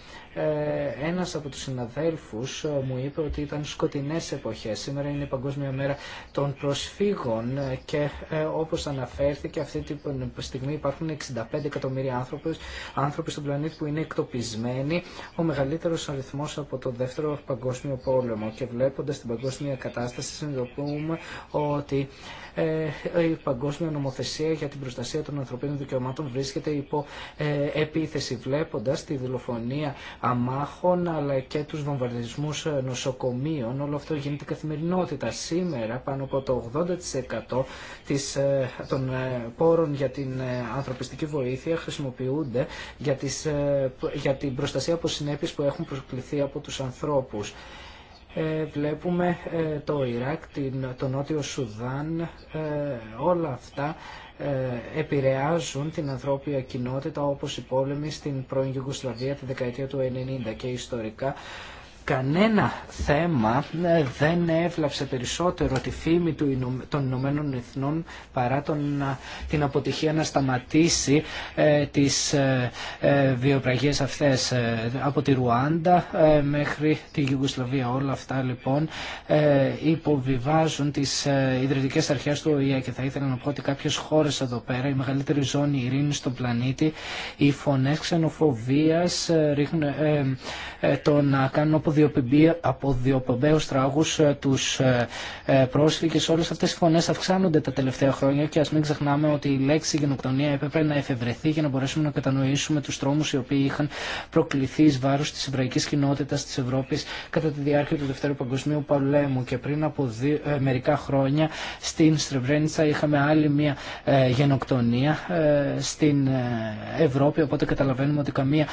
ένας από τους συναδέλφους μου είπε ότι ήταν σκοτεινές εποχές. Σήμερα είναι η Παγκόσμια Μέρα των Προσφύγων και ε, όπως αναφέρθηκε αυτή τη στιγμή υπάρχουν 65 εκατομμύρια άνθρωποι, άνθρωποι στον πλανήτη που είναι εκτοπισμένοι, ο μεγαλύτερος αριθμός από το δεύτερο παγκόσμιο πόλεμο και βλέποντας την παγκόσμια κατάσταση συνειδητοποιούμε ότι ε, η παγκόσμια νομοθεσία για την προστασία των ανθρωπίνων δικαιωμάτων βρίσκεται υπό ε, επίθεση βλέποντας τη δολοφονία αμάχων αλλά και τους βομβαρδισμούς νοσοκομείων όλο αυτό γίνεται καθημερινότητα σήμερα πάνω από το 80% της, ε, των ε, πόρων για την ε, ανθρωπιστική βοήθεια χρησιμοποιούνται για, τις, για την προστασία από συνέπειες που έχουν προσκληθεί από τους ανθρώπους. Βλέπουμε το Ιράκ, το Νότιο Σουδάν, όλα αυτά επηρεάζουν την ανθρώπια κοινότητα όπως οι πόλεμοι στην πρώην Γιουγκοσλαβία τη δεκαετία του 90 και ιστορικά κανένα θέμα ε, δεν έβλαψε περισσότερο τη φήμη των Ηνωμένων Εθνών παρά τον, ε, την αποτυχία να σταματήσει ε, τις ε, ε βιοπραγίες αυτές από τη Ρουάντα μέχρι τη Γιουγκοσλαβία. Όλα αυτά λοιπόν υποβιβάζουν τις ιδρυτικές αρχές του ΟΗΕ και θα ήθελα να πω ότι κάποιες χώρες εδώ πέρα, η μεγαλύτερη ζώνη ειρήνης στον πλανήτη, οι φωνές ξενοφοβίας ρίχνουν το να κάνουν αποδιοπομπαίους τράγους ε, τους ε, ε, πρόσφυγες. Όλες αυτές οι φωνές αυξάνονται τα τελευταία χρόνια και ας μην ξεχνάμε ότι η λέξη γενοκτονία έπρεπε να εφευρεθεί για να μπορέσουμε να κατανοήσουμε τους τρόμους οι οποίοι είχαν προκληθεί εις βάρος της εβραϊκής κοινότητας της Ευρώπης κατά τη διάρκεια του Δευτέρου Παγκοσμίου Πολέμου και πριν από μερικά χρόνια στην Στρεβρένιτσα είχαμε άλλη μια γενοκτονία στην Ευρώπη οπότε καταλαβαίνουμε ότι καμία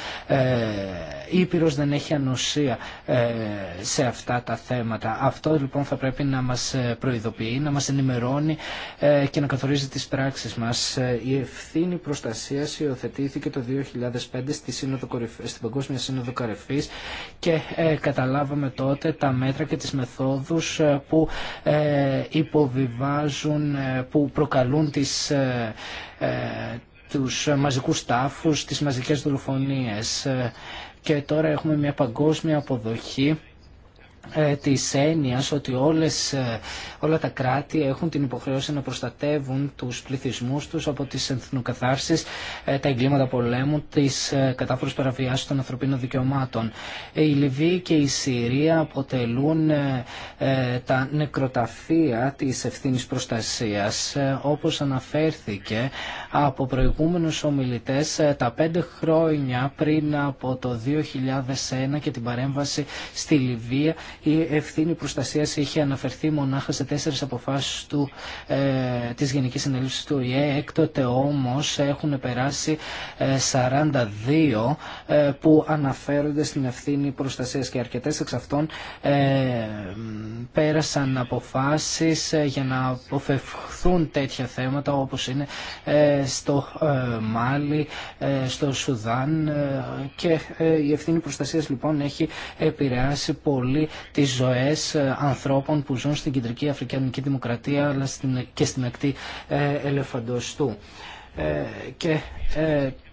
Ήπειρος δεν έχει ανοσία ε, σε αυτά τα θέματα. Αυτό λοιπόν θα πρέπει να μας ε, προειδοποιεί, να μας ενημερώνει ε, και να καθορίζει τις πράξεις μας. Η ευθύνη προστασίας υιοθετήθηκε το 2005 στη Σύνοδο στην Παγκόσμια Σύνοδο Καρεφής και καταλάβαμε τότε τα μέτρα και τις μεθόδους που υποβιβάζουν, που προκαλούν τις τους μαζικούς τάφους, τις μαζικές δολοφονίες και τώρα έχουμε μια παγκόσμια αποδοχή ε, της έννοιας ότι όλες, ε, όλα τα κράτη έχουν την υποχρέωση να προστατεύουν τους πληθυσμούς τους από τις εθνοκαθάρσεις, ε, τα εγκλήματα πολέμου, τις κατάφορες παραβιάσεις των ανθρωπίνων δικαιωμάτων. Η Λιβύη και η Συρία αποτελούν τα νεκροταφεία της ευθύνη προστασίας. Όπως αναφέρθηκε από προηγούμενους ομιλητές, τα πέντε χρόνια πριν από το 2001 και την παρέμβαση στη Λιβύη η ευθύνη Προστασία είχε αναφερθεί μονάχα σε τέσσερι αποφάσει του, ε, της Γενικής Συνέλευση του ΙΕ. Έκτοτε όμω έχουν περάσει 42 ε, ε, που αναφέρονται στην ευθύνη Προστασία. και αρκετέ εξ αυτών ε, πέρασαν αποφάσεις για να αποφευχθούν τέτοια θέματα όπως είναι στο Μάλι, στο Σουδάν και η ευθύνη Προστασία λοιπόν έχει επηρεάσει πολύ τι ζωέ ε, ανθρώπων που ζουν στην Κεντρική Αφρικανική Δημοκρατία αλλά και στην ακτή ε, Ελεφαντοστού. Ε, και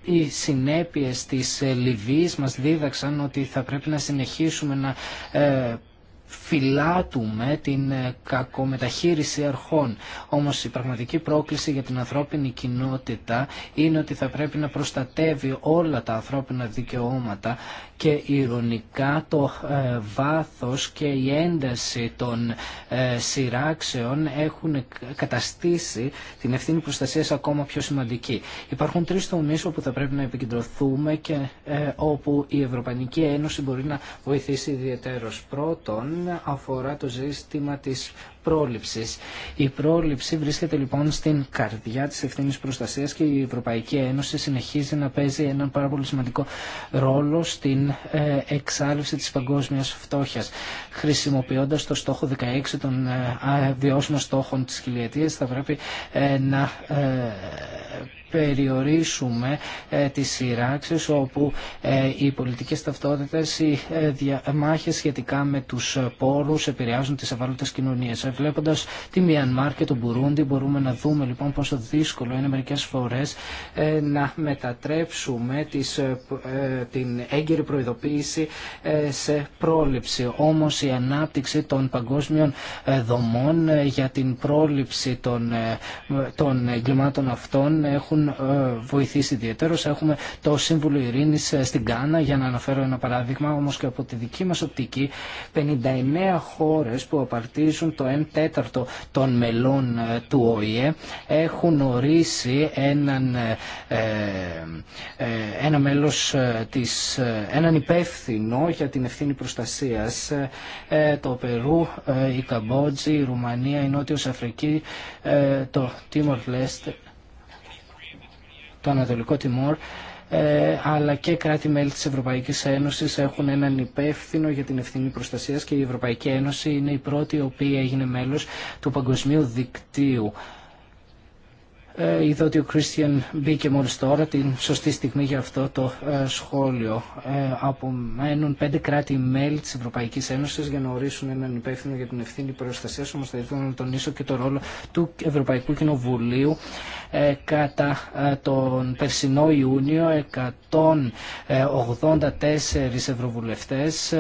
οι συνέπειες της Λιβύης μας δίδαξαν ότι θα πρέπει να συνεχίσουμε να φυλάτουμε την ε, κακομεταχείριση αρχών. Όμως η πραγματική πρόκληση για την ανθρώπινη κοινότητα είναι ότι θα πρέπει να προστατεύει όλα τα ανθρώπινα δικαιώματα και ηρωνικά το ε, βάθος και η ένταση των ε, σειράξεων έχουν καταστήσει την ευθύνη προστασίας ακόμα πιο σημαντική. Υπάρχουν τρεις τομείς όπου θα πρέπει να επικεντρωθούμε και όπου η Ευρωπαϊκή Ένωση μπορεί να βοηθήσει ιδιαίτερος. Πρώτον, αφορά το ζήτημα της πρόληψης. Η πρόληψη βρίσκεται λοιπόν στην καρδιά της ευθύνης προστασίας και η Ευρωπαϊκή Ένωση συνεχίζει να παίζει έναν πάρα πολύ σημαντικό ρόλο στην ε, εξάλληψη της παγκόσμιας φτώχειας. Χρησιμοποιώντας το στόχο 16 των ε, βιώσιμων στόχων της χιλιετίας θα πρέπει ε, να περιορίσουμε ε, τις σειράξεις όπου ε, οι πολιτικές ταυτότητες, οι ε, μάχες σχετικά με τους πόρους επηρεάζουν τις ευάλωτες κοινωνίες. Βλέποντας τη Μιανμάρ και τον Μπουρούντι μπορούμε να δούμε λοιπόν πόσο δύσκολο είναι μερικές φορές να μετατρέψουμε την έγκυρη προειδοποίηση σε πρόληψη. Όμως η ανάπτυξη των παγκόσμιων δομών για την πρόληψη των εγκλημάτων αυτών έχουν ε, βοηθήσει ιδιαίτερω. Έχουμε το Σύμβουλο Ειρήνη ε, στην Κάνα, για να αναφέρω ένα παράδειγμα, όμω και από τη δική μα οπτική, 59 χώρε που απαρτίζουν το 1 τέταρτο των μελών ε, του ΟΗΕ έχουν ορίσει έναν, ένα μέλος της, έναν υπεύθυνο για την ευθύνη προστασίας το Περού, η Καμπότζη, η Ρουμανία, η Νότιο Αφρική, το Τίμορ Λέστερ το Ανατολικό Τιμόρ ε, αλλά και κράτη-μέλη της Ευρωπαϊκής Ένωσης έχουν έναν υπεύθυνο για την ευθύνη προστασίας και η Ευρωπαϊκή Ένωση είναι η πρώτη η οποία έγινε μέλος του Παγκοσμίου Δικτύου ε, είδα ότι ο Κρίστιαν μπήκε μόλις τώρα την σωστή στιγμή για αυτό το ε, σχόλιο. Ε, απομένουν πέντε κράτη-μέλη της Ευρωπαϊκής Ένωσης για να ορίσουν έναν υπεύθυνο για την ευθύνη προστασία, όμως θα ήθελα να τονίσω και το ρόλο του Ευρωπαϊκού Κοινοβουλίου κατά τον περσινό Ιούνιο 184 ευρωβουλευτές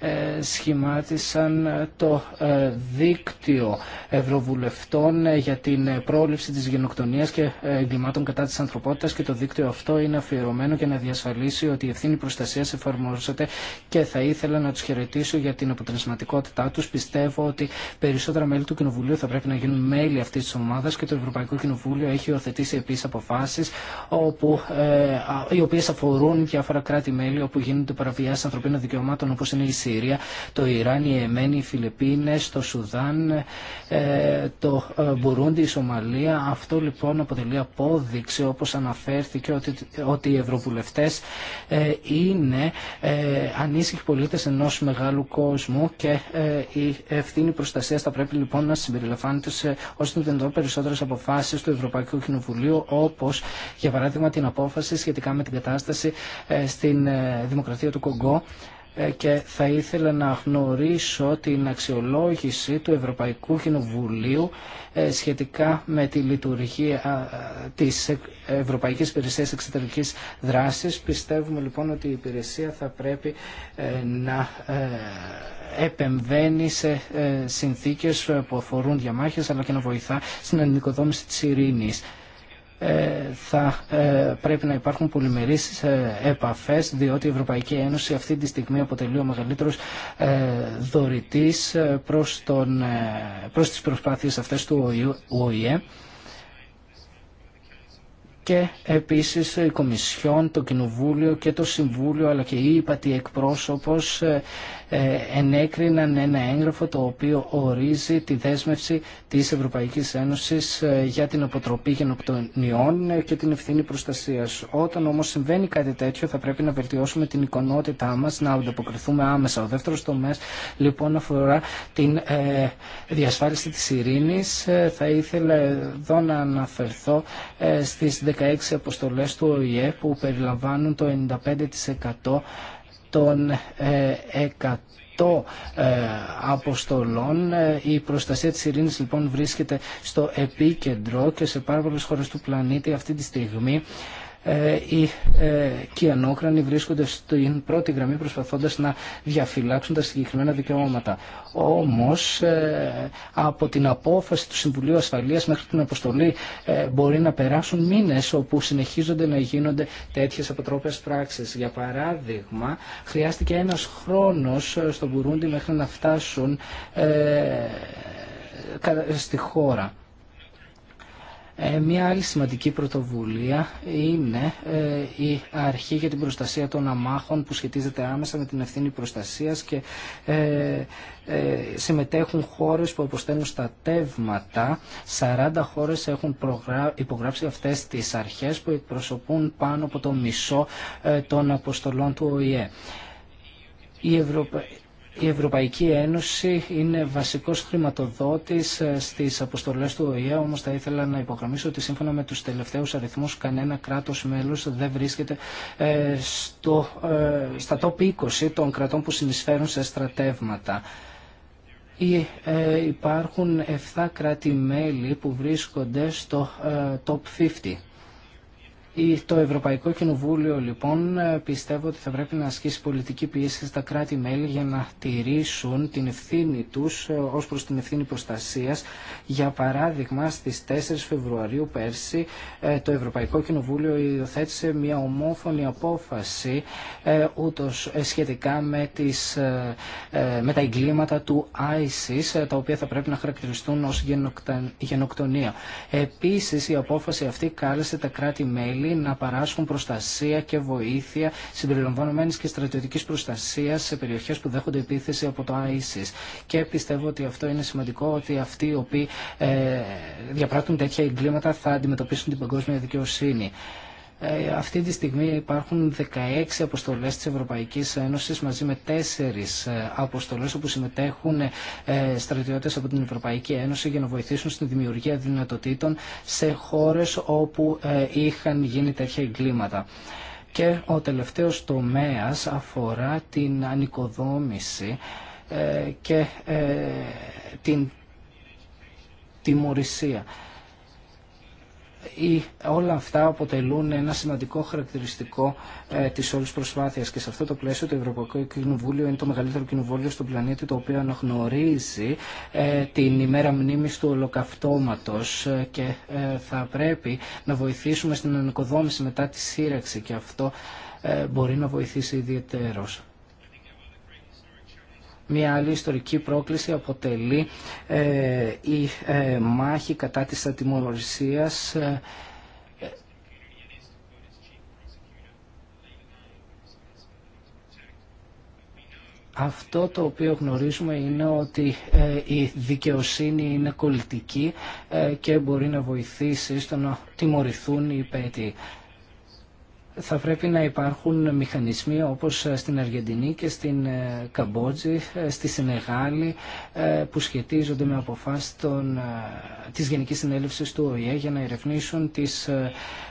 ε, σχημάτισαν ε, το ε, δίκτυο ευρωβουλευτών για την πρόληψη της γενοκτονίας και εγκλημάτων κατά της ανθρωπότητας και το δίκτυο αυτό είναι αφιερωμένο για να διασφαλίσει ότι η ευθύνη προστασία εφαρμόζεται και θα ήθελα να τους χαιρετήσω για την αποτελεσματικότητά τους. Πιστεύω ότι περισσότερα μέλη του Κοινοβουλίου θα πρέπει να γίνουν μέλη αυτής της ομάδας και το Ευρωπαϊκό Κοινοβούλιο έχει οθετήσει επίσης αποφάσεις όπου, οι οποίες αφορούν διάφορα κράτη-μέλη όπου γίνονται παραβιάσεις ανθρωπίνων δικαιωμάτων όπως είναι η Σύρια, το Ιράν, η Εμένη, οι Φιλιππίνες, το Σουδάν, ε, το ε, Μπουρούντι, η Σομαλία. Αυτό λοιπόν αποτελεί απόδειξη όπως αναφέρθηκε ότι, ότι οι ευρωβουλευτές ε, είναι ανήσυχοι πολίτες ενός μεγάλου κόσμου και η ευθύνη προστασία θα πρέπει λοιπόν να συμπεριλαμβάνεται σε όσο το δυνατόν περισσότερες αποφάσεις του Ευρωπαϊκού Κοινοβουλίου όπως για παράδειγμα την απόφαση σχετικά με την κατάσταση στην Δημοκρατία του Κογκό ε, και θα ήθελα να γνωρίσω την αξιολόγηση του Ευρωπαϊκού Κοινοβουλίου ε, σχετικά με τη λειτουργία της Ευρωπαϊκής Υπηρεσίας Εξωτερικής Δράσης. Πιστεύουμε λοιπόν ότι η υπηρεσία θα πρέπει ε, να επεμβαίνει σε συνθήκες που αφορούν διαμάχες αλλά και να βοηθά στην ανοικοδόμηση της ειρήνης. Ε, θα ε, πρέπει να υπάρχουν πολυμερείς ε, επαφές διότι η Ευρωπαϊκή Ένωση αυτή τη στιγμή αποτελεί ο μεγαλύτερος δωρητής προς, τον, προς τις προσπάθειες αυτές του ΟΗΕ και επίσης η Κομισιόν, το Κοινοβούλιο και το Συμβούλιο αλλά και η ΥΠΑΤΗ εκπρόσωπος ε, ενέκριναν ένα έγγραφο το οποίο ορίζει τη δέσμευση της Ευρωπαϊκής Ένωσης ε, για την αποτροπή γενοκτονιών και την ευθύνη προστασίας. Όταν όμως συμβαίνει κάτι τέτοιο θα πρέπει να βελτιώσουμε την εικονότητά μας, να ανταποκριθούμε άμεσα. Ο δεύτερος τομέας λοιπόν αφορά την ε, διασφάλιση της ειρήνης. Θα ήθελα εδώ να αναφερθώ στις 16 αποστολές του ΟΗΕ που περιλαμβάνουν το 95% των 100 ε, ε, αποστολών. Ε, η προστασία της ειρήνης λοιπόν βρίσκεται στο επίκεντρο και σε πάρα πολλές χώρες του πλανήτη αυτή τη στιγμή ε, οι ε, κυανόκρανοι βρίσκονται στην πρώτη γραμμή προσπαθώντας να διαφυλάξουν τα συγκεκριμένα δικαιώματα. Όμως ε, από την απόφαση του Συμβουλίου Ασφαλείας μέχρι την αποστολή μπορεί να περάσουν μήνες όπου συνεχίζονται να γίνονται τέτοιες αποτρόπες πράξεις. Για παράδειγμα χρειάστηκε ένας χρόνος στον Μπουρούντι μέχρι να φτάσουν στη χώρα. Ε, Μία άλλη σημαντική πρωτοβουλία είναι ε, η αρχή για την προστασία των αμάχων που σχετίζεται άμεσα με την ευθύνη προστασίας και ε, συμμετέχουν χώρες που αποστέλνουν τεύματα. 40 χώρες έχουν υπογράψει αυτές τις αρχές που εκπροσωπούν πάνω από το μισό των αποστολών του ΟΗΕ. Η η Ευρωπαϊκή Ένωση είναι βασικός χρηματοδότης ε, στις αποστολές του ΟΗΕ, όμως θα ήθελα να υπογραμμίσω ότι σύμφωνα με τους τελευταίους αριθμούς κανένα κράτος μέλος δεν βρίσκεται ε, στο, ε, στα top 20 των κρατών που συνεισφέρουν σε στρατεύματα. Υπάρχουν 7 κράτη-μέλη που βρίσκονται στο top 50 το Ευρωπαϊκό Κοινοβούλιο λοιπόν ε, πιστεύω ότι θα πρέπει να ασκήσει πολιτική πίεση στα κράτη-μέλη για να τηρήσουν την ευθύνη τους ε, ως προς την ευθύνη προστασίας. Για παράδειγμα στις 4 Φεβρουαρίου πέρσι ε, το Ευρωπαϊκό Κοινοβούλιο υιοθέτησε μια ομόφωνη απόφαση ούτως σχετικά με, τις, με τα εγκλήματα του ISIS τα οποία θα πρέπει να χαρακτηριστούν ως γενοκτονία. Επίσης η απόφαση αυτή κάλεσε τα κράτη-μέλη να παράσχουν προστασία και βοήθεια συμπεριλαμβανομένη και στρατιωτικής προστασία σε περιοχές που δέχονται επίθεση από το ISIS. Και πιστεύω ότι αυτό είναι σημαντικό ότι αυτοί οι οποίοι ε, διαπράττουν τέτοια εγκλήματα θα αντιμετωπίσουν την παγκόσμια δικαιοσύνη. Ε, αυτή τη στιγμή υπάρχουν 16 αποστολές της Ευρωπαϊκής Ένωσης μαζί με 4 ε, αποστολές όπου συμμετέχουν ε, στρατιώτες από την Ευρωπαϊκή Ένωση για να βοηθήσουν στη δημιουργία δυνατοτήτων σε χώρες όπου είχαν γίνει τέτοια εγκλήματα. Και ο τελευταίος τομέας αφορά την ανοικοδόμηση και την τιμωρησία όλα αυτά αποτελούν ένα σημαντικό χαρακτηριστικό ε, της όλης προσπάθειας και σε αυτό το πλαίσιο το Ευρωπαϊκό Κοινοβούλιο είναι το μεγαλύτερο κοινοβούλιο στον πλανήτη το οποίο αναγνωρίζει ε, την ημέρα μνήμης του ολοκαυτώματος ε, και θα πρέπει να βοηθήσουμε στην ανοικοδόμηση μετά τη σύραξη και αυτό μπορεί να βοηθήσει ιδιαιτέρως. Μία άλλη ιστορική πρόκληση αποτελεί ε, η ε, μάχη κατά της ατιμορρησίας ε, Αυτό το οποίο γνωρίζουμε είναι ότι η δικαιοσύνη είναι κολλητική και μπορεί να βοηθήσει στο να τιμωρηθούν οι υπέτειοι θα πρέπει να υπάρχουν μηχανισμοί όπως ε, στην Αργεντινή και στην ε, Καμπότζη, ε, στη Σενεγάλη που σχετίζονται με αποφάσεις των, της Γενικής Συνέλευσης του ΟΗΕ για να ερευνήσουν τις,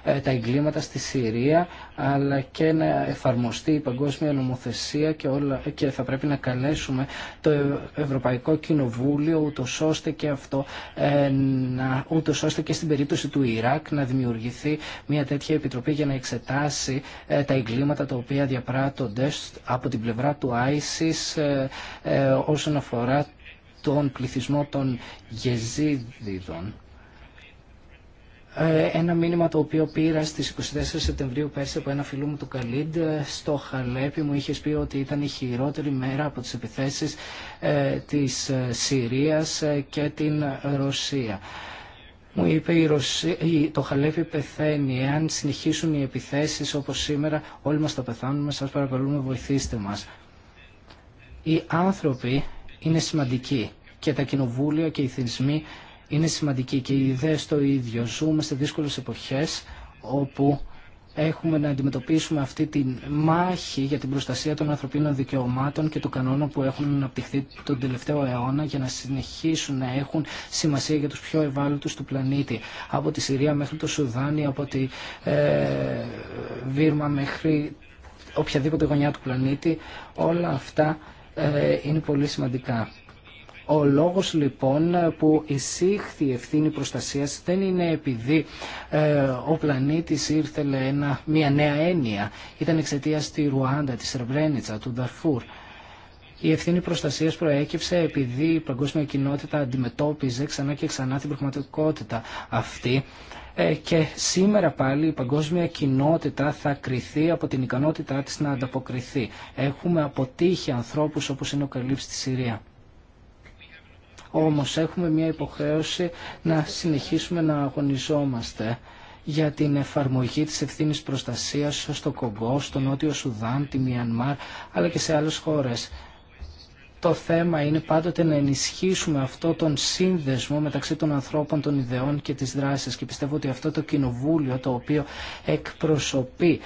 τα εγκλήματα στη Συρία αλλά και να εφαρμοστεί η παγκόσμια νομοθεσία και, όλα, και θα πρέπει να καλέσουμε το Ευρωπαϊκό Κοινοβούλιο ούτως ώστε και αυτό ε, να, ούτως και στην περίπτωση του Ιράκ να δημιουργηθεί μια τέτοια επιτροπή για να εξετάσει ε, τα εγκλήματα τα οποία διαπράττονται από την πλευρά του ISIS ε, ε, όσον αφορά τον πληθυσμό των γεζίδιδων. Ε, ένα μήνυμα το οποίο πήρα στις 24 Σεπτεμβρίου πέρσι από ένα φίλο μου του Καλίντ στο Χαλέπι μου είχε πει ότι ήταν η χειρότερη μέρα από τις επιθέσεις ε, της ε, Συρίας και την Ρωσία. Μου είπε η το Χαλέπι πεθαίνει, εάν συνεχίσουν οι επιθέσεις όπως σήμερα όλοι μας θα πεθάνουμε, σας παρακαλούμε βοηθήστε μα. Οι άνθρωποι είναι σημαντικοί και τα κοινοβούλια και οι θυσμοί είναι σημαντική και οι ιδέα στο ίδιο. Ζούμε σε δύσκολες εποχές όπου έχουμε να αντιμετωπίσουμε αυτή τη μάχη για την προστασία των ανθρωπίνων δικαιωμάτων και του κανόνων που έχουν αναπτυχθεί τον τελευταίο αιώνα για να συνεχίσουν να έχουν σημασία για τους πιο ευάλωτους του πλανήτη. Από τη Συρία μέχρι το Σουδάνι, από τη ε, μέχρι οποιαδήποτε γωνιά του πλανήτη, όλα αυτά ε, είναι πολύ σημαντικά. Ο λόγος λοιπόν που εισήχθη η ευθύνη προστασίας δεν είναι επειδή ε, ο πλανήτης ήρθε ένα, μια νέα έννοια. Ήταν εξαιτία τη Ρουάντα, τη Σερβρένιτσα, του Νταρφούρ. Η ευθύνη προστασία προέκυψε επειδή η παγκόσμια κοινότητα αντιμετώπιζε ξανά και ξανά την πραγματικότητα αυτή ε, και σήμερα πάλι η παγκόσμια κοινότητα θα κριθεί από την ικανότητά της να ανταποκριθεί. Έχουμε αποτύχει ανθρώπους όπως είναι ο Καλύψης στη Συρία. Όμως έχουμε μια υποχρέωση να συνεχίσουμε να αγωνιζόμαστε για την εφαρμογή της ευθύνης προστασίας στο Κογκό, στο Νότιο Σουδάν, τη Μιανμάρ, αλλά και σε άλλες χώρες. Το θέμα είναι πάντοτε να ενισχύσουμε αυτό τον σύνδεσμο μεταξύ των ανθρώπων, των ιδεών και της δράσης και πιστεύω ότι αυτό το κοινοβούλιο το οποίο εκπροσωπεί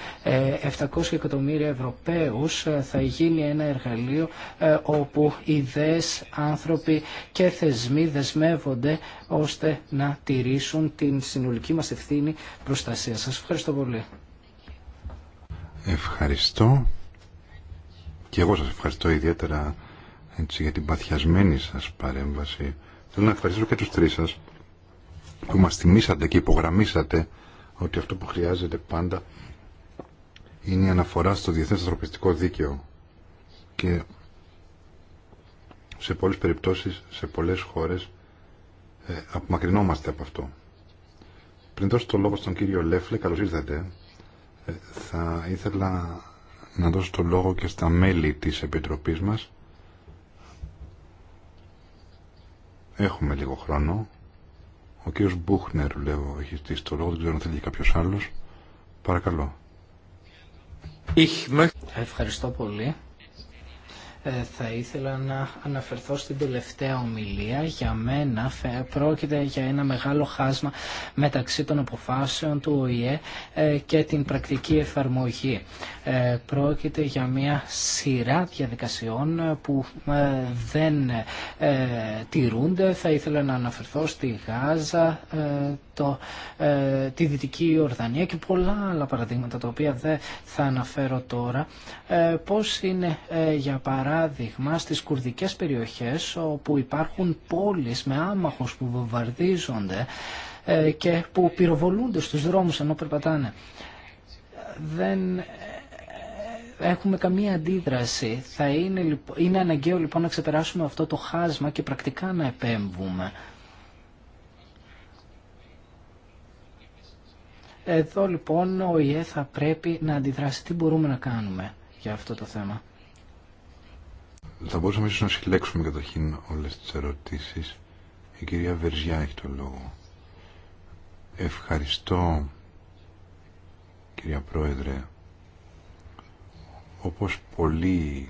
700 ε, εκατομμύρια Ευρωπαίους ε, θα γίνει ένα εργαλείο ε, όπου ιδέες, άνθρωποι και θεσμοί δεσμεύονται ώστε να τηρήσουν την συνολική μας ευθύνη προστασία. Σας ευχαριστώ πολύ. Ευχαριστώ. Και εγώ σας ευχαριστώ ιδιαίτερα έτσι, για την παθιασμένη σας παρέμβαση. Θέλω να ευχαριστήσω και τους τρεις σας που μας θυμήσατε και υπογραμμίσατε ότι αυτό που χρειάζεται πάντα είναι η αναφορά στο διεθνές ανθρωπιστικό δίκαιο και σε πολλές περιπτώσεις, σε πολλές χώρες ε, απομακρυνόμαστε από αυτό. Πριν δώσω το λόγο στον κύριο Λέφλε, καλώς ήρθατε, ε, θα ήθελα να δώσω το λόγο και στα μέλη της Επιτροπής μας Έχουμε λίγο χρόνο. Ο κύριος Μπούχνερ, λέω, έχει στήσει το λόγο. Δεν ξέρω αν θέλει κάποιος άλλος. Παρακαλώ. Ευχαριστώ πολύ. Ε, θα ήθελα να αναφερθώ στην τελευταία ομιλία. Για μένα πρόκειται για ένα μεγάλο χάσμα μεταξύ των αποφάσεων του ΟΗΕ ε, και την πρακτική εφαρμογή. Ε, πρόκειται για μια σειρά διαδικασιών που δεν τηρούνται. Θα ήθελα να αναφερθώ στη Γάζα, το, τη Δυτική Ορδανία και πολλά άλλα παραδείγματα τα οποία δεν θα αναφέρω τώρα. Πώς είναι για παράδειγμα παράδειγμα στις κουρδικές περιοχές όπου υπάρχουν πόλεις με άμαχους που βομβαρδίζονται ε, και που πυροβολούνται στους δρόμους ενώ περπατάνε. Δεν ε, έχουμε καμία αντίδραση. Θα είναι, είναι αναγκαίο λοιπόν να ξεπεράσουμε αυτό το χάσμα και πρακτικά να επέμβουμε. Εδώ λοιπόν ο ΙΕ θα πρέπει να αντιδράσει. Τι μπορούμε να κάνουμε για αυτό το θέμα. Θα μπορούσαμε ίσως να συλλέξουμε καταρχήν όλες τις ερωτήσεις. Η κυρία Βερζιά έχει το λόγο. Ευχαριστώ, κυρία Πρόεδρε. Όπως πολλοί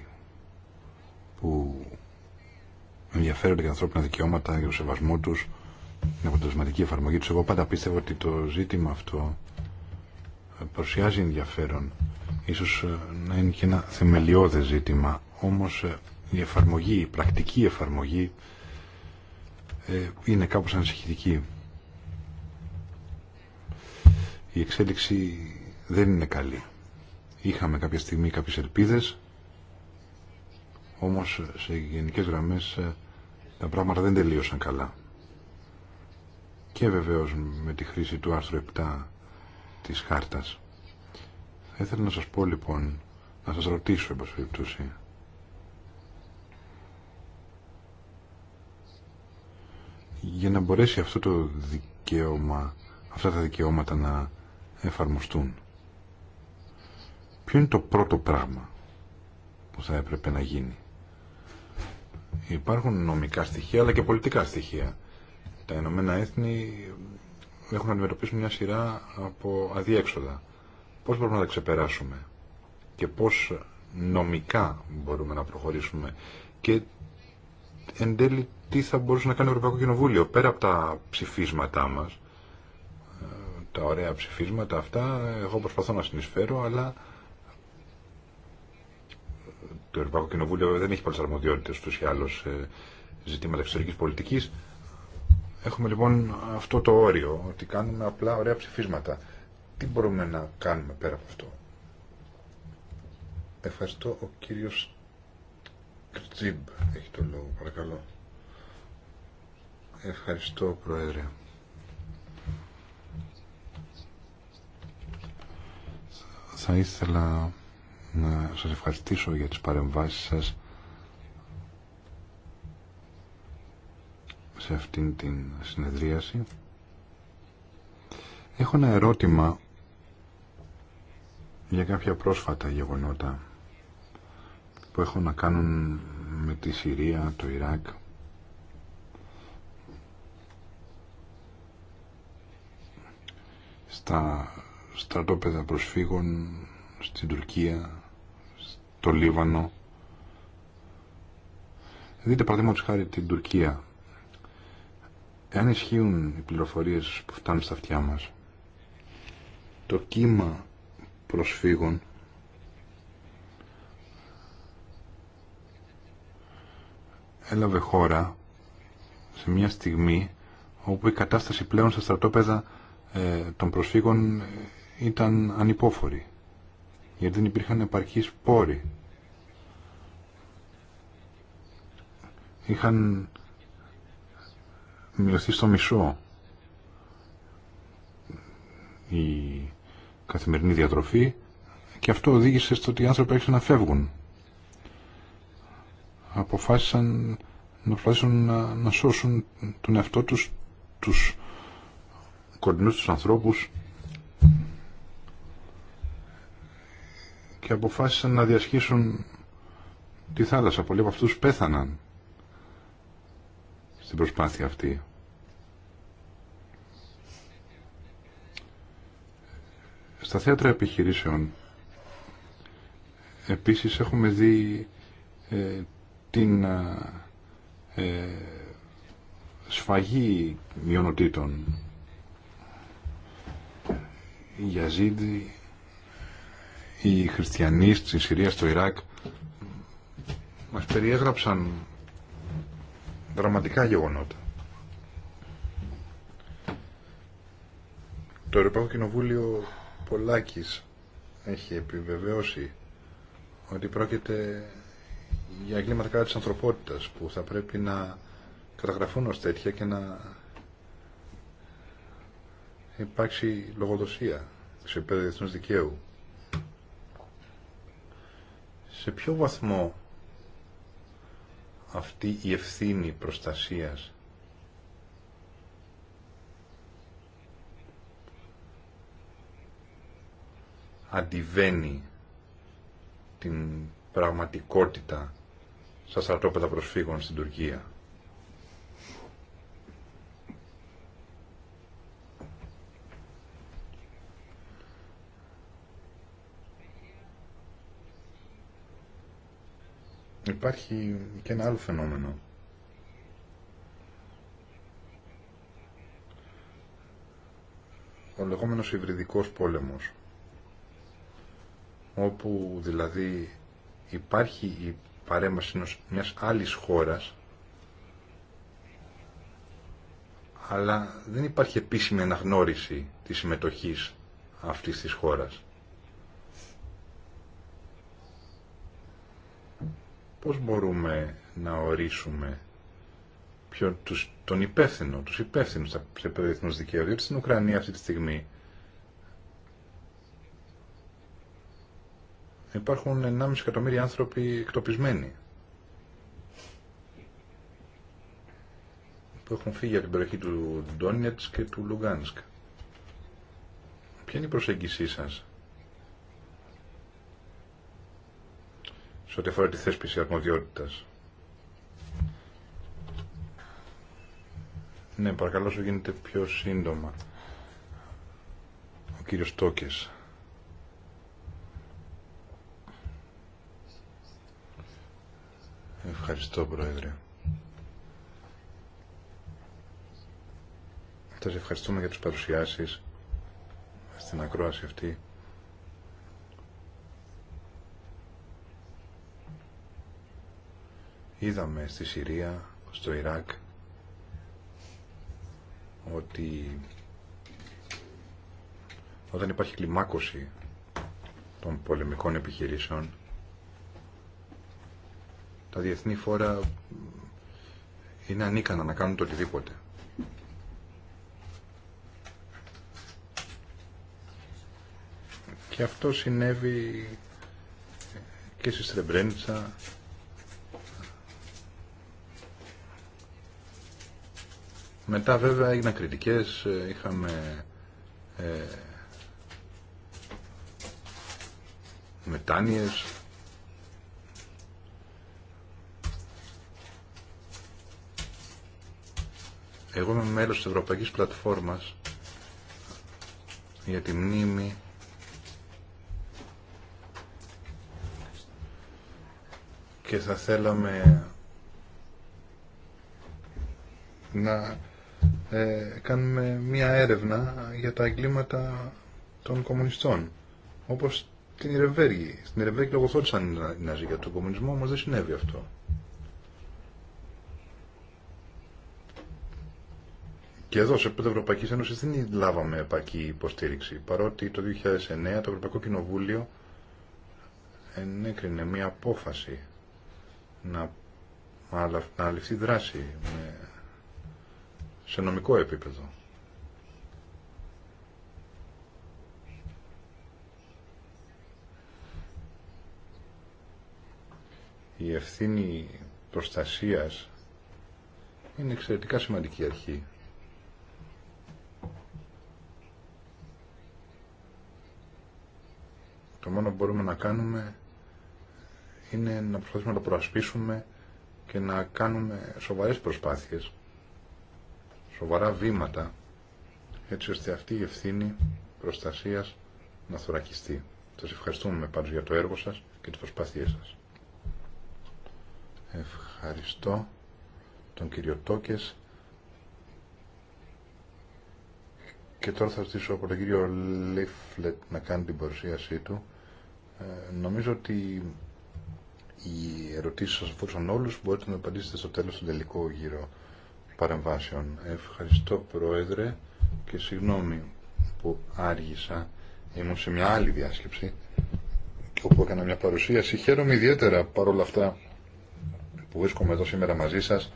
που ενδιαφέρονται για ανθρώπινα δικαιώματα, για το σεβασμό τους, την αποτελεσματική εφαρμογή τους, εγώ πάντα πίστευω ότι το ζήτημα αυτό παρουσιάζει ενδιαφέρον. Ίσως να είναι και ένα θεμελιώδες ζήτημα, όμως ε, η εφαρμογή, η πρακτική εφαρμογή ε, είναι κάπως ανησυχητική. Η εξέλιξη δεν είναι καλή. Είχαμε κάποια στιγμή κάποιες ελπίδες, όμως σε γενικές γραμμές ε, τα πράγματα δεν τελείωσαν καλά. Και βεβαίως με τη χρήση του άρθρου 7 της χάρτας. Θα ήθελα να σας πω λοιπόν, να σας ρωτήσω, εν για να μπορέσει αυτό το δικαίωμα, αυτά τα δικαιώματα να εφαρμοστούν. Ποιο είναι το πρώτο πράγμα που θα έπρεπε να γίνει. Υπάρχουν νομικά στοιχεία αλλά και πολιτικά στοιχεία. Τα Ηνωμένα Έθνη έχουν να αντιμετωπίσουν μια σειρά από αδιέξοδα. Πώς μπορούμε να τα ξεπεράσουμε και πώς νομικά μπορούμε να προχωρήσουμε και εν τι θα μπορούσε να κάνει το Ευρωπαϊκό Κοινοβούλιο πέρα από τα ψηφίσματά μας ε, τα ωραία ψηφίσματα αυτά εγώ προσπαθώ να συνεισφέρω αλλά το Ευρωπαϊκό Κοινοβούλιο δεν έχει πολλές αρμοδιότητες τους ή ζητήματα εξωτερικής πολιτικής έχουμε λοιπόν αυτό το όριο ότι κάνουμε απλά ωραία ψηφίσματα τι μπορούμε να κάνουμε πέρα από αυτό Ευχαριστώ ο κύριος Κρτζίμπ έχει τον λόγο παρακαλώ Ευχαριστώ, Πρόεδρε. Θα ήθελα να σας ευχαριστήσω για τις παρεμβάσεις σας σε αυτήν την συνεδρίαση. Έχω ένα ερώτημα για κάποια πρόσφατα γεγονότα που έχουν να κάνουν με τη Συρία, το Ιράκ στα στρατόπεδα προσφύγων στην Τουρκία, στο Λίβανο. Δείτε παραδείγματο χάρη την Τουρκία. Εάν ισχύουν οι πληροφορίες που φτάνουν στα αυτιά μας, το κύμα προσφύγων έλαβε χώρα σε μια στιγμή όπου η κατάσταση πλέον στα στρατόπεδα ε, των προσφύγων ήταν ανυπόφοροι γιατί δεν υπήρχαν επαρκείς πόροι. Είχαν μειωθεί στο μισό η καθημερινή διατροφή και αυτό οδήγησε στο ότι οι άνθρωποι έρχονται να φεύγουν. Αποφάσισαν να να, να σώσουν τον εαυτό τους, τους κοντινούς τους ανθρώπους και αποφάσισαν να διασχίσουν τη θάλασσα. Πολλοί από αυτούς πέθαναν στην προσπάθεια αυτή. Στα θέατρα επιχειρήσεων επίσης έχουμε δει ε, την ε, ε σφαγή μειονοτήτων οι Γιαζίδοι, οι χριστιανοί στην Συρία, στο Ιράκ, μας περιέγραψαν δραματικά γεγονότα. Το Ευρωπαϊκό Κοινοβούλιο Πολάκης έχει επιβεβαιώσει ότι πρόκειται για εγκλήματα κατά της ανθρωπότητας που θα πρέπει να καταγραφούν ως τέτοια και να υπάρξει λογοδοσία σε επίπεδο διεθνού δικαίου. Σε ποιο βαθμό αυτή η ευθύνη προστασίας αντιβαίνει την πραγματικότητα στα στρατόπεδα προσφύγων στην Τουρκία. Υπάρχει και ένα άλλο φαινόμενο. Ο λεγόμενος υβριδικός πόλεμος, όπου δηλαδή υπάρχει η παρέμβαση μιας άλλης χώρας, αλλά δεν υπάρχει επίσημη αναγνώριση της συμμετοχής αυτής της χώρας. Πώς μπορούμε να ορίσουμε ποιο, τους, τον υπεύθυνο, τους υπεύθυνους σε επίπεδο δικαίου, διότι στην Ουκρανία αυτή τη στιγμή υπάρχουν 1,5 εκατομμύρια άνθρωποι εκτοπισμένοι που έχουν φύγει από την περιοχή του Ντόνιετς και του Λουγκάνσκ. Ποια είναι η προσέγγισή σας σε ό,τι αφορά τη θέσπιση αρμοδιότητας. Ναι, παρακαλώ σου γίνεται πιο σύντομα. Ο κύριος Τόκες. Ευχαριστώ, Πρόεδρε. Σα ευχαριστούμε για τις παρουσιάσεις στην ακρόαση αυτή. Είδαμε στη Συρία, στο Ιράκ, ότι όταν υπάρχει κλιμάκωση των πολεμικών επιχειρήσεων, τα διεθνή φόρα είναι ανίκανα να κάνουν το οτιδήποτε. Και αυτό συνέβη και στη Στρεμπρέντσα Μετά βέβαια έγιναν κριτικές, ε, είχαμε ε, μετάνοιες. Εγώ είμαι μέλος της Ευρωπαϊκής Πλατφόρμας για τη μνήμη και θα θέλαμε να ε, κάνουμε μία έρευνα για τα εγκλήματα των κομμουνιστών. Όπως την Ιρεβέργη. Στην Ιρεβέργη λογοθότησαν οι Ναζί για τον κομμουνισμό, όμως δεν συνέβη αυτό. Και εδώ, σε επίπεδο Ευρωπαϊκή Ένωση, δεν λάβαμε επακή υποστήριξη. Παρότι το 2009 το Ευρωπαϊκό Κοινοβούλιο ενέκρινε μία απόφαση να, να ληφθεί δράση με σε νομικό επίπεδο. Η ευθύνη προστασίας είναι εξαιρετικά σημαντική αρχή. Το μόνο που μπορούμε να κάνουμε είναι να προσπαθήσουμε να το προασπίσουμε και να κάνουμε σοβαρές προσπάθειες σοβαρά βήματα έτσι ώστε αυτή η ευθύνη προστασίας να θωρακιστεί. Σας ευχαριστούμε πάντως για το έργο σας και τις προσπάθειές σας. Ευχαριστώ τον κύριο Τόκες και τώρα θα ζητήσω από τον κύριο Λίφλετ να κάνει την παρουσίασή του. Ε, νομίζω ότι οι ερωτήσεις σας αφορούσαν όλους, μπορείτε να απαντήσετε στο τέλος του τελικό γύρο παρεμβάσεων. Ευχαριστώ Πρόεδρε και συγγνώμη που άργησα. Ήμουν σε μια άλλη διάσκεψη όπου έκανα μια παρουσίαση. Χαίρομαι ιδιαίτερα παρόλα αυτά που βρίσκομαι εδώ σήμερα μαζί σας.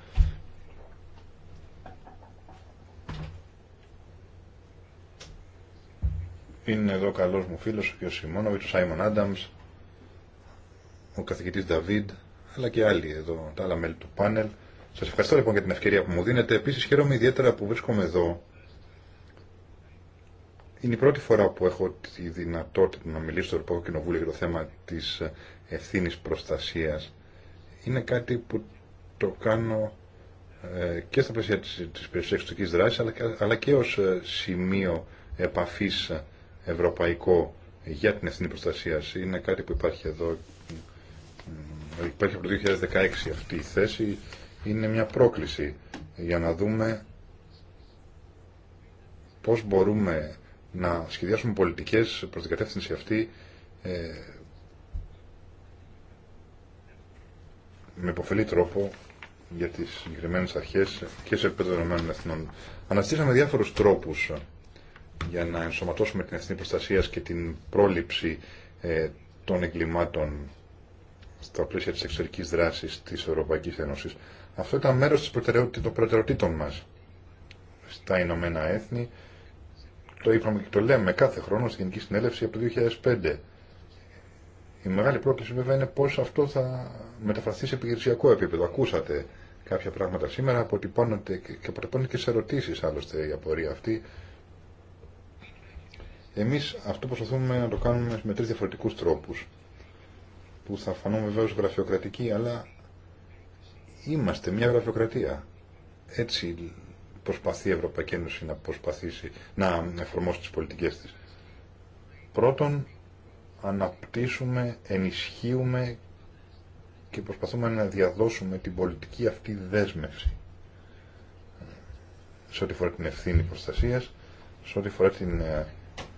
Είναι εδώ καλός μου φίλος, ο κ. ο Σάιμον Άνταμς, ο καθηγητής Νταβίδ, αλλά και άλλοι εδώ, τα άλλα μέλη του πάνελ. Σα ευχαριστώ λοιπόν για την ευκαιρία που μου δίνετε. Επίση, χαίρομαι ιδιαίτερα που βρίσκομαι εδώ. Είναι η πρώτη φορά που έχω τη δυνατότητα να μιλήσω στο Ευρωπαϊκό Κοινοβούλιο για το θέμα τη ε, ευθύνη προστασία Είναι κάτι που το κάνω ε, και στα πλαίσια τη περιουσία δράση, δράσης, αλλά, και ω ε, σημείο επαφή ευρωπαϊκό για την ευθύνη προστασία. Είναι κάτι που υπάρχει εδώ. Υπάρχει από το 2016 αυτή η θέση είναι μια πρόκληση για να δούμε πώς μπορούμε να σχεδιάσουμε πολιτικές προς την κατεύθυνση αυτή ε, με υποφελή τρόπο για τις συγκεκριμένες αρχές και σε επίπεδο των Εθνών. Αναστήσαμε διάφορους τρόπους ε, για να ενσωματώσουμε την εθνική προστασία και την πρόληψη ε, των εγκλημάτων στα πλαίσια της εξωτερικής δράσης της Ευρωπαϊκής Ένωσης. Αυτό ήταν μέρος των προτεραιοτήτων μας στα Ηνωμένα Έθνη. Το είπαμε και το λέμε κάθε χρόνο στη Γενική Συνέλευση από το 2005. Η μεγάλη πρόκληση βέβαια είναι πώς αυτό θα μεταφραστεί σε επιχειρησιακό επίπεδο. Ακούσατε κάποια πράγματα σήμερα, αποτυπώνονται και αποτυπώνεται και σε ερωτήσεις άλλωστε η απορία αυτή. Εμείς αυτό προσπαθούμε να το κάνουμε με τρεις διαφορετικούς τρόπους που θα φανούν βεβαίως γραφειοκρατικοί αλλά Είμαστε μια γραφειοκρατία. Έτσι προσπαθεί η Ευρωπαϊκή Ένωση να προσπαθήσει να εφαρμόσει τις πολιτικές της. Πρώτον, αναπτύσσουμε, ενισχύουμε και προσπαθούμε να διαδώσουμε την πολιτική αυτή δέσμευση σε ό,τι φορά την ευθύνη προστασίας, σε ό,τι φορά την ε,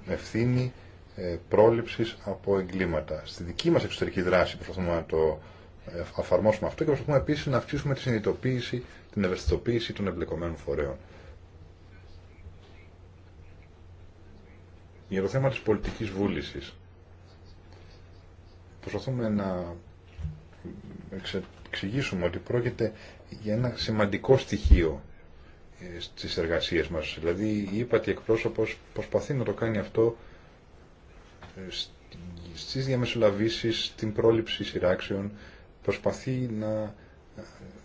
ευθύνη ε, πρόληψης από εγκλήματα. Στη δική μας εξωτερική δράση προσπαθούμε να το ε, αφαρμόσουμε αυτό και προσπαθούμε επίση να αυξήσουμε τη συνειδητοποίηση, την ευαισθητοποίηση των εμπλεκομένων φορέων. Για το θέμα της πολιτικής βούλησης. Προσπαθούμε να εξηγήσουμε ότι πρόκειται για ένα σημαντικό στοιχείο ε, στις εργασίες μας. Δηλαδή η ύπατη εκπρόσωπος προσπαθεί να το κάνει αυτό ε, στις διαμεσολαβήσεις, στην πρόληψη σειράξεων, προσπαθεί να ε,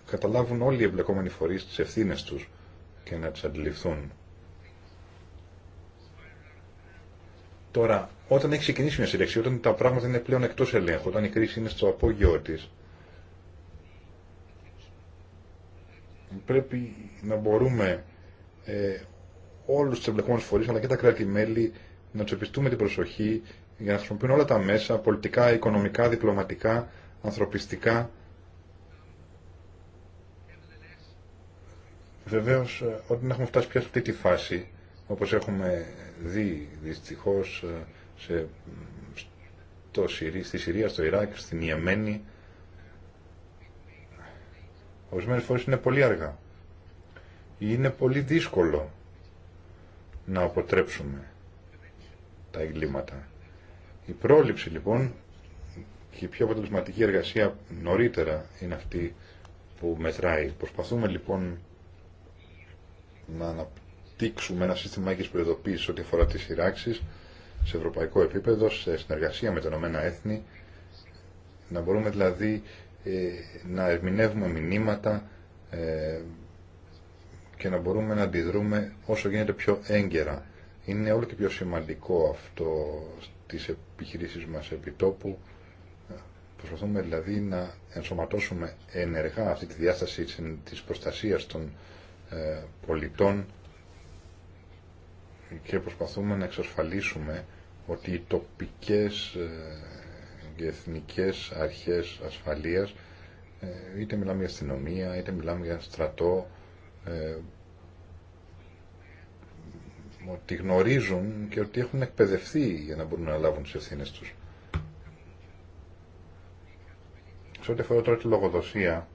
καταλάβουν όλοι οι εμπλεκόμενοι φορείς τις ευθύνες τους και να τις αντιληφθούν. Τώρα, όταν έχει ξεκινήσει μια συλλεξία, όταν τα πράγματα είναι πλέον εκτός ελέγχου, όταν η κρίση είναι στο απόγειό της, πρέπει να μπορούμε ε, όλους τους εμπλεκόμενους φορείς, αλλά και τα κράτη-μέλη, να τους επιστούμε την προσοχή για να χρησιμοποιούν όλα τα μέσα, πολιτικά, οικονομικά, διπλωματικά, ανθρωπιστικά. Βεβαίως, ε, όταν έχουμε φτάσει πια σε αυτή τη φάση, όπως έχουμε δει δυστυχώς ε, σε, στο, στη Συρία, στο Ιράκ, στην Ιεμένη, Ορισμένε φορές είναι πολύ αργά. Είναι πολύ δύσκολο να αποτρέψουμε τα εγκλήματα. Η πρόληψη λοιπόν και η πιο αποτελεσματική εργασία νωρίτερα είναι αυτή που μετράει. Προσπαθούμε λοιπόν να αναπτύξουμε ένα σύστημα έγκης προειδοποίησης ό,τι αφορά τις σειράξεις σε ευρωπαϊκό επίπεδο, σε συνεργασία με τα Ηνωμένα Έθνη, να μπορούμε δηλαδή ε, να ερμηνεύουμε μηνύματα ε, και να μπορούμε να αντιδρούμε όσο γίνεται πιο έγκαιρα. Είναι όλο και πιο σημαντικό αυτό στις επιχειρήσεις μας επιτόπου Προσπαθούμε δηλαδή να ενσωματώσουμε ενεργά αυτή τη διάσταση της προστασίας των ε, πολιτών και προσπαθούμε να εξασφαλίσουμε ότι οι τοπικές ε, και εθνικές αρχές ασφαλείας ε, είτε μιλάμε για αστυνομία, είτε μιλάμε για στρατό ότι γνωρίζουν και ότι έχουν εκπαιδευτεί για να μπορούν να λάβουν τις ευθύνες τους. Σε ό,τι αφορά τώρα τη λογοδοσία,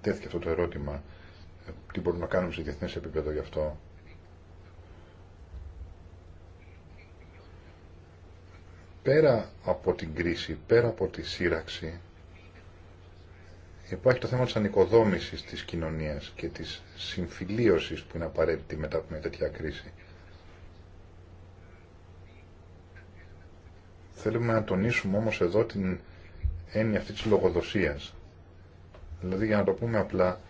τέθηκε αυτό το ερώτημα, ε, τι μπορούμε να κάνουμε σε διεθνές επίπεδο γι' αυτό. Πέρα από την κρίση, πέρα από τη σύραξη, υπάρχει το θέμα της ανοικοδόμησης της κοινωνίας και της συμφιλίωσης που είναι απαραίτητη μετά από μια τέτοια κρίση. Θέλουμε να τονίσουμε όμως εδώ την έννοια αυτή της λογοδοσίας. Δηλαδή για να το πούμε απλά,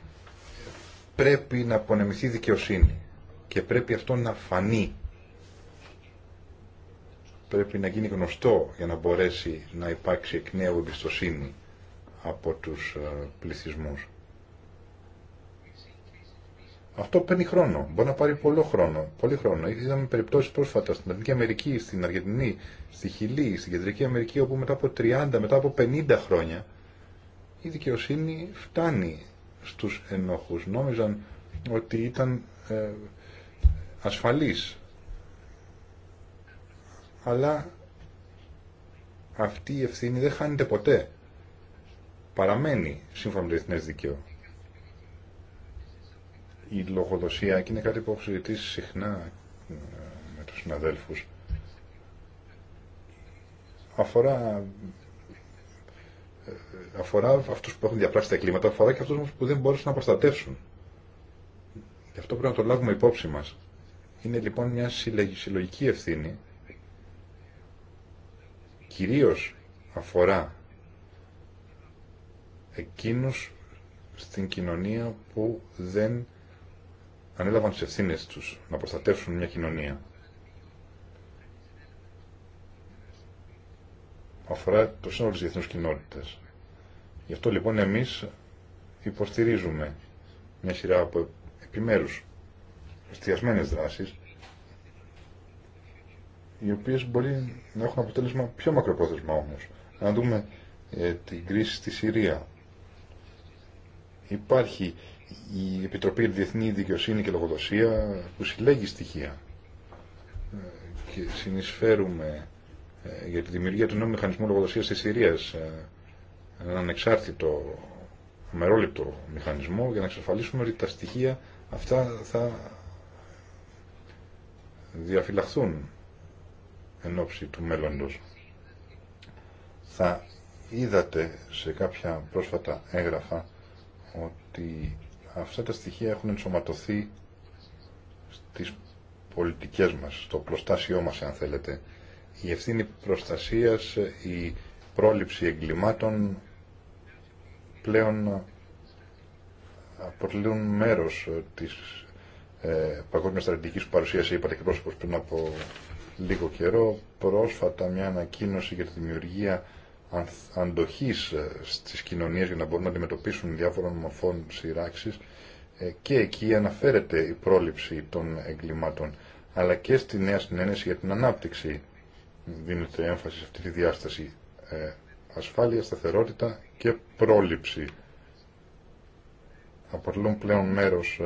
πρέπει να απονεμηθεί δικαιοσύνη και πρέπει αυτό να φανεί. Πρέπει να γίνει γνωστό για να μπορέσει να υπάρξει εκ νέου εμπιστοσύνη από τους ε, πληθυσμούς. Αυτό παίρνει χρόνο. Μπορεί να πάρει πολύ χρόνο. Πολύ χρόνο. Είδαμε περιπτώσει πρόσφατα στην Αμερική, στην Αργεντινή, στη Χιλή, στην Κεντρική Αμερική, όπου μετά από 30, μετά από 50 χρόνια η δικαιοσύνη φτάνει στους ενόχους. Νόμιζαν ότι ήταν ε, ασφαλής. Αλλά αυτή η ευθύνη δεν χάνεται ποτέ. Παραμένει σύμφωνα με το εθνές δικαίωμα η λογοδοσία και είναι κάτι που έχω συζητήσει συχνά ε, με τους συναδέλφους αφορά ε, αφορά αυτούς που έχουν διαπράξει τα κλίματα αφορά και αυτούς που δεν μπορούσαν να προστατεύσουν γι' αυτό πρέπει να το λάβουμε υπόψη μας είναι λοιπόν μια συλλογική ευθύνη κυρίως αφορά εκείνους στην κοινωνία που δεν ανέλαβαν τι ευθύνε του να προστατεύσουν μια κοινωνία. Αφορά το σύνολο τη διεθνού κοινότητα. Γι' αυτό λοιπόν εμείς υποστηρίζουμε μια σειρά από επιμέρους εστιασμένες δράσεις οι οποίες μπορεί να έχουν αποτέλεσμα πιο μακροπρόθεσμα όμως. Να δούμε ε, την κρίση στη Συρία. Υπάρχει η Επιτροπή Διεθνή Δικαιοσύνη και Λογοδοσία που συλλέγει στοιχεία ε, και συνεισφέρουμε ε, για τη δημιουργία του νέου μηχανισμού λογοδοσίας της Συρίας ε, έναν ανεξάρτητο μερόληπτο μηχανισμό για να εξασφαλίσουμε ότι τα στοιχεία αυτά θα διαφυλαχθούν εν ώψη του μέλλοντος. Θα είδατε σε κάποια πρόσφατα έγγραφα ότι Αυτά τα στοιχεία έχουν ενσωματωθεί στις πολιτικές μας, στο προστάσιο μας αν θέλετε. Η ευθύνη προστασίας, η πρόληψη εγκλημάτων πλέον αποτελούν μέρος της ε, παγκόσμιας στρατηγικής που παρουσίασε είπατε και πρόσωπος πριν από λίγο καιρό. Πρόσφατα μια ανακοίνωση για τη δημιουργία αντοχής ε, στις κοινωνίες για να μπορούν να αντιμετωπίσουν διάφορων μορφών σειράξεις ε, και εκεί αναφέρεται η πρόληψη των εγκλημάτων αλλά και στη νέα συνένεση για την ανάπτυξη δίνεται έμφαση σε αυτή τη διάσταση ε, ασφάλεια, σταθερότητα και πρόληψη αποτελούν πλέον μέρος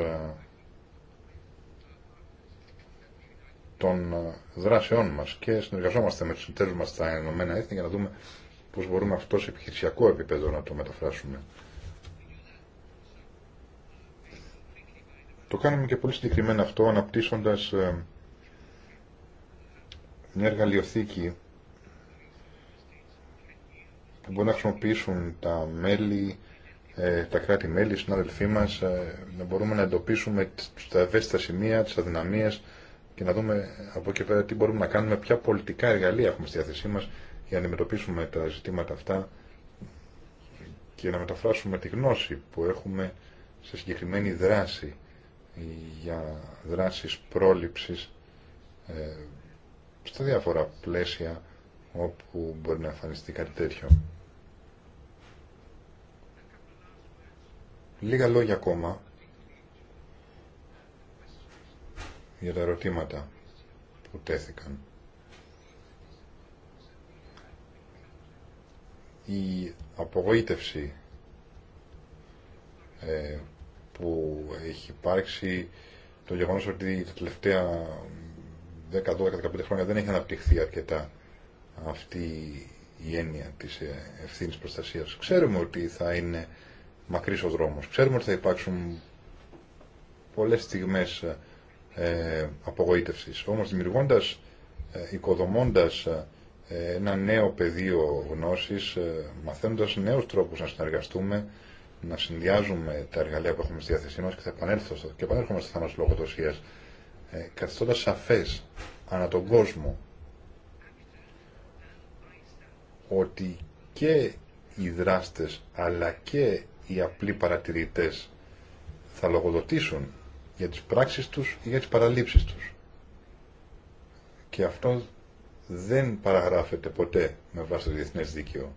των δράσεών μας και συνεργαζόμαστε με τους συντέρους μας στα Ηνωμένα για να δούμε πώς μπορούμε αυτό σε επιχειρησιακό επίπεδο να το μεταφράσουμε. Το κάνουμε και πολύ συγκεκριμένα αυτό, αναπτύσσοντας ε, μια εργαλειοθήκη που μπορεί να χρησιμοποιήσουν τα μέλη, ε, τα κράτη-μέλη, οι συνάδελφοί μας, ε, να μπορούμε να εντοπίσουμε τα ευαίσθητα σημεία, τις αδυναμίες και να δούμε από εκεί πέρα τι μπορούμε να κάνουμε, ποια πολιτικά εργαλεία έχουμε στη διάθεσή μας για να αντιμετωπίσουμε τα ζητήματα αυτά και να μεταφράσουμε τη γνώση που έχουμε σε συγκεκριμένη δράση για δράσεις πρόληψης ε, στα διάφορα πλαίσια όπου μπορεί να εμφανιστεί κάτι τέτοιο. Λίγα λόγια ακόμα για τα ερωτήματα που τέθηκαν. η απογοήτευση ε, που έχει υπάρξει το γεγονός ότι τα τελευταία 10, 12, 15 χρόνια δεν έχει αναπτυχθεί αρκετά αυτή η έννοια της ε, ευθύνης προστασίας. Ξέρουμε ότι θα είναι μακρύς ο δρόμος. Ξέρουμε ότι θα υπάρξουν πολλές στιγμές ε, απογοήτευσης. Όμως δημιουργώντας, ε, οικοδομώντας ένα νέο πεδίο γνώσης, ε, μαθαίνοντας νέους τρόπους να συνεργαστούμε, να συνδυάζουμε τα εργαλεία που έχουμε στη διάθεσή μας και θα επανέλθω στο, και επανέρχομαι στο της λογοδοσίας, ε, καθιστώντας σαφές ανά τον κόσμο ότι και οι δράστες αλλά και οι απλοί παρατηρητές θα λογοδοτήσουν για τις πράξεις τους ή για τις παραλήψεις τους. Και αυτό δεν παραγράφεται ποτέ με βάση το διεθνές δίκαιο.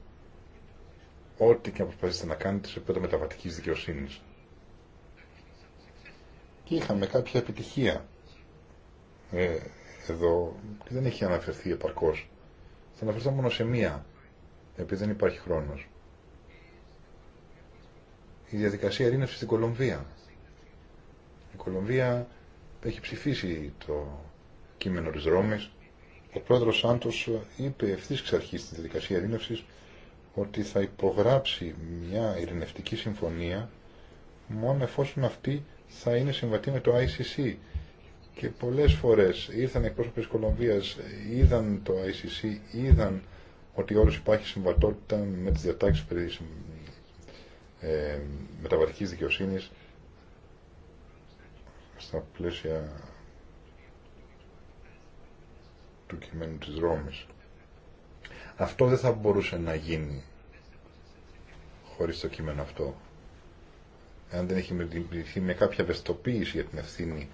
Ό,τι και να προσπαθήσετε να κάνετε σε επίπεδο μεταβατικής δικαιοσύνης. Και είχαμε κάποια επιτυχία ε, εδώ και δεν έχει αναφερθεί επαρκώς. Θα αναφερθώ μόνο σε μία, επειδή δεν υπάρχει χρόνος. Η διαδικασία ερήνευσης στην Κολομβία. Η Κολομβία έχει ψηφίσει το κείμενο της Ρώμης ο πρόεδρος Σάντο είπε ευθύ εξ αρχή διαδικασία ειρήνευση ότι θα υπογράψει μια ειρηνευτική συμφωνία μόνο εφόσον αυτή θα είναι συμβατή με το ICC. Και πολλές φορές ήρθαν εκπρόσωποι τη Κολομβίας, είδαν το ICC, είδαν ότι όλο υπάρχει συμβατότητα με τις διατάξεις περί ε, μεταβατικής δικαιοσύνης στα πλαίσια του κειμένου της Ρώμης. Αυτό δεν θα μπορούσε να γίνει χωρίς το κείμενο αυτό. Αν δεν έχει μετρηθεί με κάποια ευαισθητοποίηση για την ευθύνη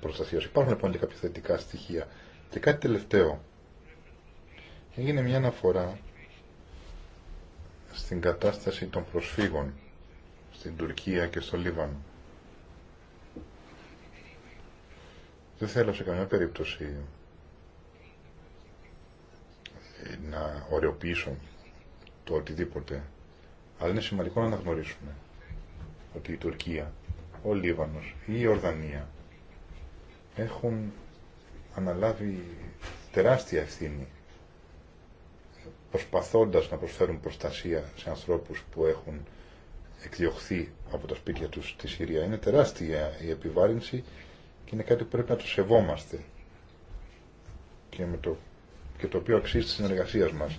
προστασίας. Υπάρχουν λοιπόν και κάποια θετικά στοιχεία. Και κάτι τελευταίο. Έγινε μια αναφορά στην κατάσταση των προσφύγων στην Τουρκία και στο Λίβανο. Δεν θέλω σε καμιά περίπτωση να ωρεοποιήσω το οτιδήποτε, αλλά είναι σημαντικό να αναγνωρίσουμε ότι η Τουρκία, ο Λίβανος ή η Ορδανία έχουν αναλάβει τεράστια ευθύνη προσπαθώντας να προσφέρουν προστασία σε ανθρώπους που έχουν εκδιωχθεί από τα σπίτια τους στη Συρία. Είναι τεράστια η επιβάρυνση και είναι κάτι που πρέπει να το σεβόμαστε. Και με το και το οποίο αξίζει τη συνεργασία μας.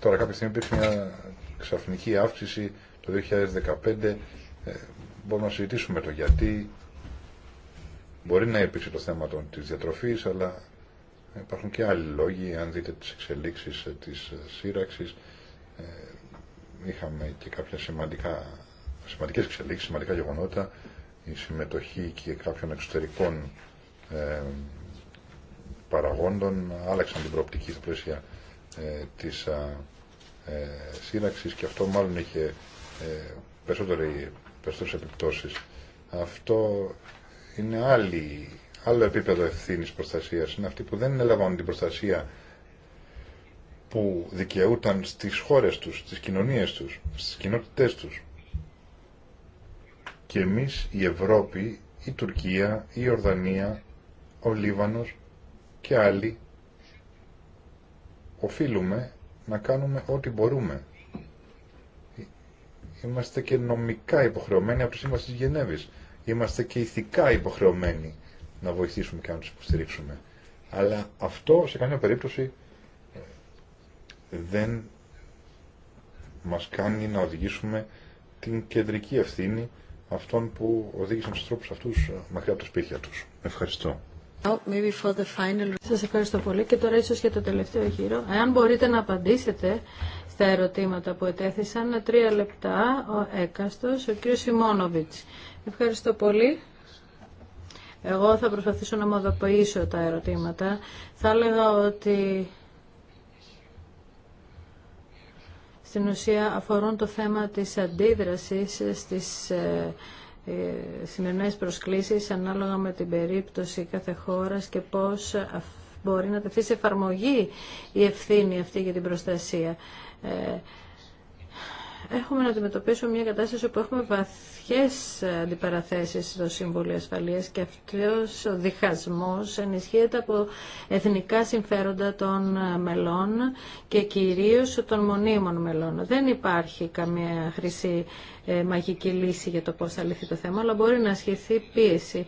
Τώρα κάποια στιγμή υπήρξε μια ξαφνική αύξηση το 2015. Ε, μπορούμε να συζητήσουμε το γιατί. Μπορεί να υπήρξε το θέμα τη διατροφή, αλλά υπάρχουν και άλλοι λόγοι. Αν δείτε τις εξελίξεις ε, τη ε, σύραξη. Ε, είχαμε και κάποια σημαντικά, σημαντικές εξελίξεις, σημαντικά γεγονότα, η συμμετοχή και κάποιων εξωτερικών παραγόντων άλλαξαν την προοπτική στα πλαίσια ε, της ε, και αυτό μάλλον είχε ε, περισσότερη, περισσότερες επιπτώσεις. Αυτό είναι άλλο επίπεδο ευθύνης προστασίας. Είναι αυτοί που δεν έλαβαν την προστασία που δικαιούταν στις χώρες τους, στις κοινωνίες τους, στις κοινότητές τους. Και εμείς, η Ευρώπη, η Τουρκία, η Ορδανία, ο Λίβανος, και άλλοι οφείλουμε να κάνουμε ό,τι μπορούμε. Είμαστε και νομικά υποχρεωμένοι από το Σύμβαση της Γενέβης. Είμαστε και ηθικά υποχρεωμένοι να βοηθήσουμε και να τους υποστηρίξουμε. Αλλά αυτό σε καμία περίπτωση δεν μας κάνει να οδηγήσουμε την κεντρική ευθύνη αυτών που οδήγησαν τους τρόπους αυτούς ε, μακριά από τα σπίτια τους. Ευχαριστώ. Oh, Σας ευχαριστώ πολύ και τώρα ίσως για το τελευταίο γύρο. Εάν μπορείτε να απαντήσετε στα ερωτήματα που ετέθησαν, τρία λεπτά, ο έκαστος, ο κ. Σιμόνοβιτς. Ευχαριστώ πολύ. Εγώ θα προσπαθήσω να μοδοποιήσω τα ερωτήματα. Θα έλεγα ότι στην ουσία αφορούν το θέμα της αντίδρασης στις ε, ε, σημερινές προσκλήσεις ανάλογα με την περίπτωση κάθε χώρας και πώς μπορεί να τεθεί σε εφαρμογή η ευθύνη αυτή για την προστασία. Ε, έχουμε να αντιμετωπίσουμε μια κατάσταση όπου έχουμε βαθιές αντιπαραθέσεις στο Συμβούλιο Ασφαλείας και αυτός ο διχασμός ενισχύεται από εθνικά συμφέροντα των μελών και κυρίως των μονίμων μελών. Δεν υπάρχει καμία χρυσή ε, μαγική λύση για το πώς θα λυθεί το θέμα, αλλά μπορεί να ασχεθεί πίεση.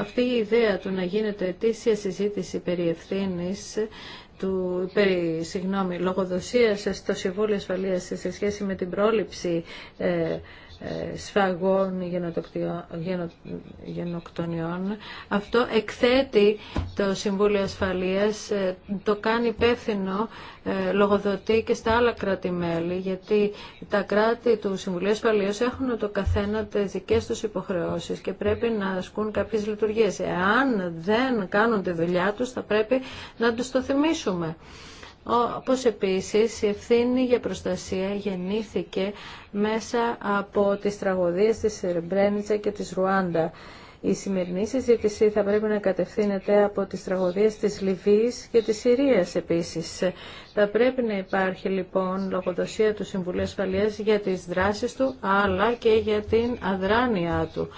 Αυτή η ιδέα του να γίνεται ετήσια συζήτηση περί του, περί συγγνώμη, λογοδοσίας στο Συμβούλιο Ασφαλείας σε σχέση με την πρόληψη ε, ε, σφαγών γενοκτονιών. Αυτό εκθέτει το Συμβούλιο Ασφαλείας, ε, το κάνει υπεύθυνο, ε, λογοδοτεί και στα άλλα κράτη-μέλη, γιατί τα κράτη του Συμβουλίου Ασφαλείας έχουν το καθένα τις δικές τους υποχρεώσεις και πρέπει να ασκούν κάποιες λειτουργίες. Εάν δεν κάνουν τη δουλειά τους, θα πρέπει να τους το θυμίσουμε όπως επίσης η ευθύνη για προστασία γεννήθηκε μέσα από τις τραγωδίες της Ρεμπρένιτσα και της Ρουάντα. Η σημερινή συζήτηση θα πρέπει να κατευθύνεται από τις τραγωδίες της Λιβύης και της Συρίας επίσης. Θα πρέπει να υπάρχει λοιπόν λογοδοσία του Συμβουλίου Ασφαλείας για τις δράσεις του, αλλά και για την αδράνειά του.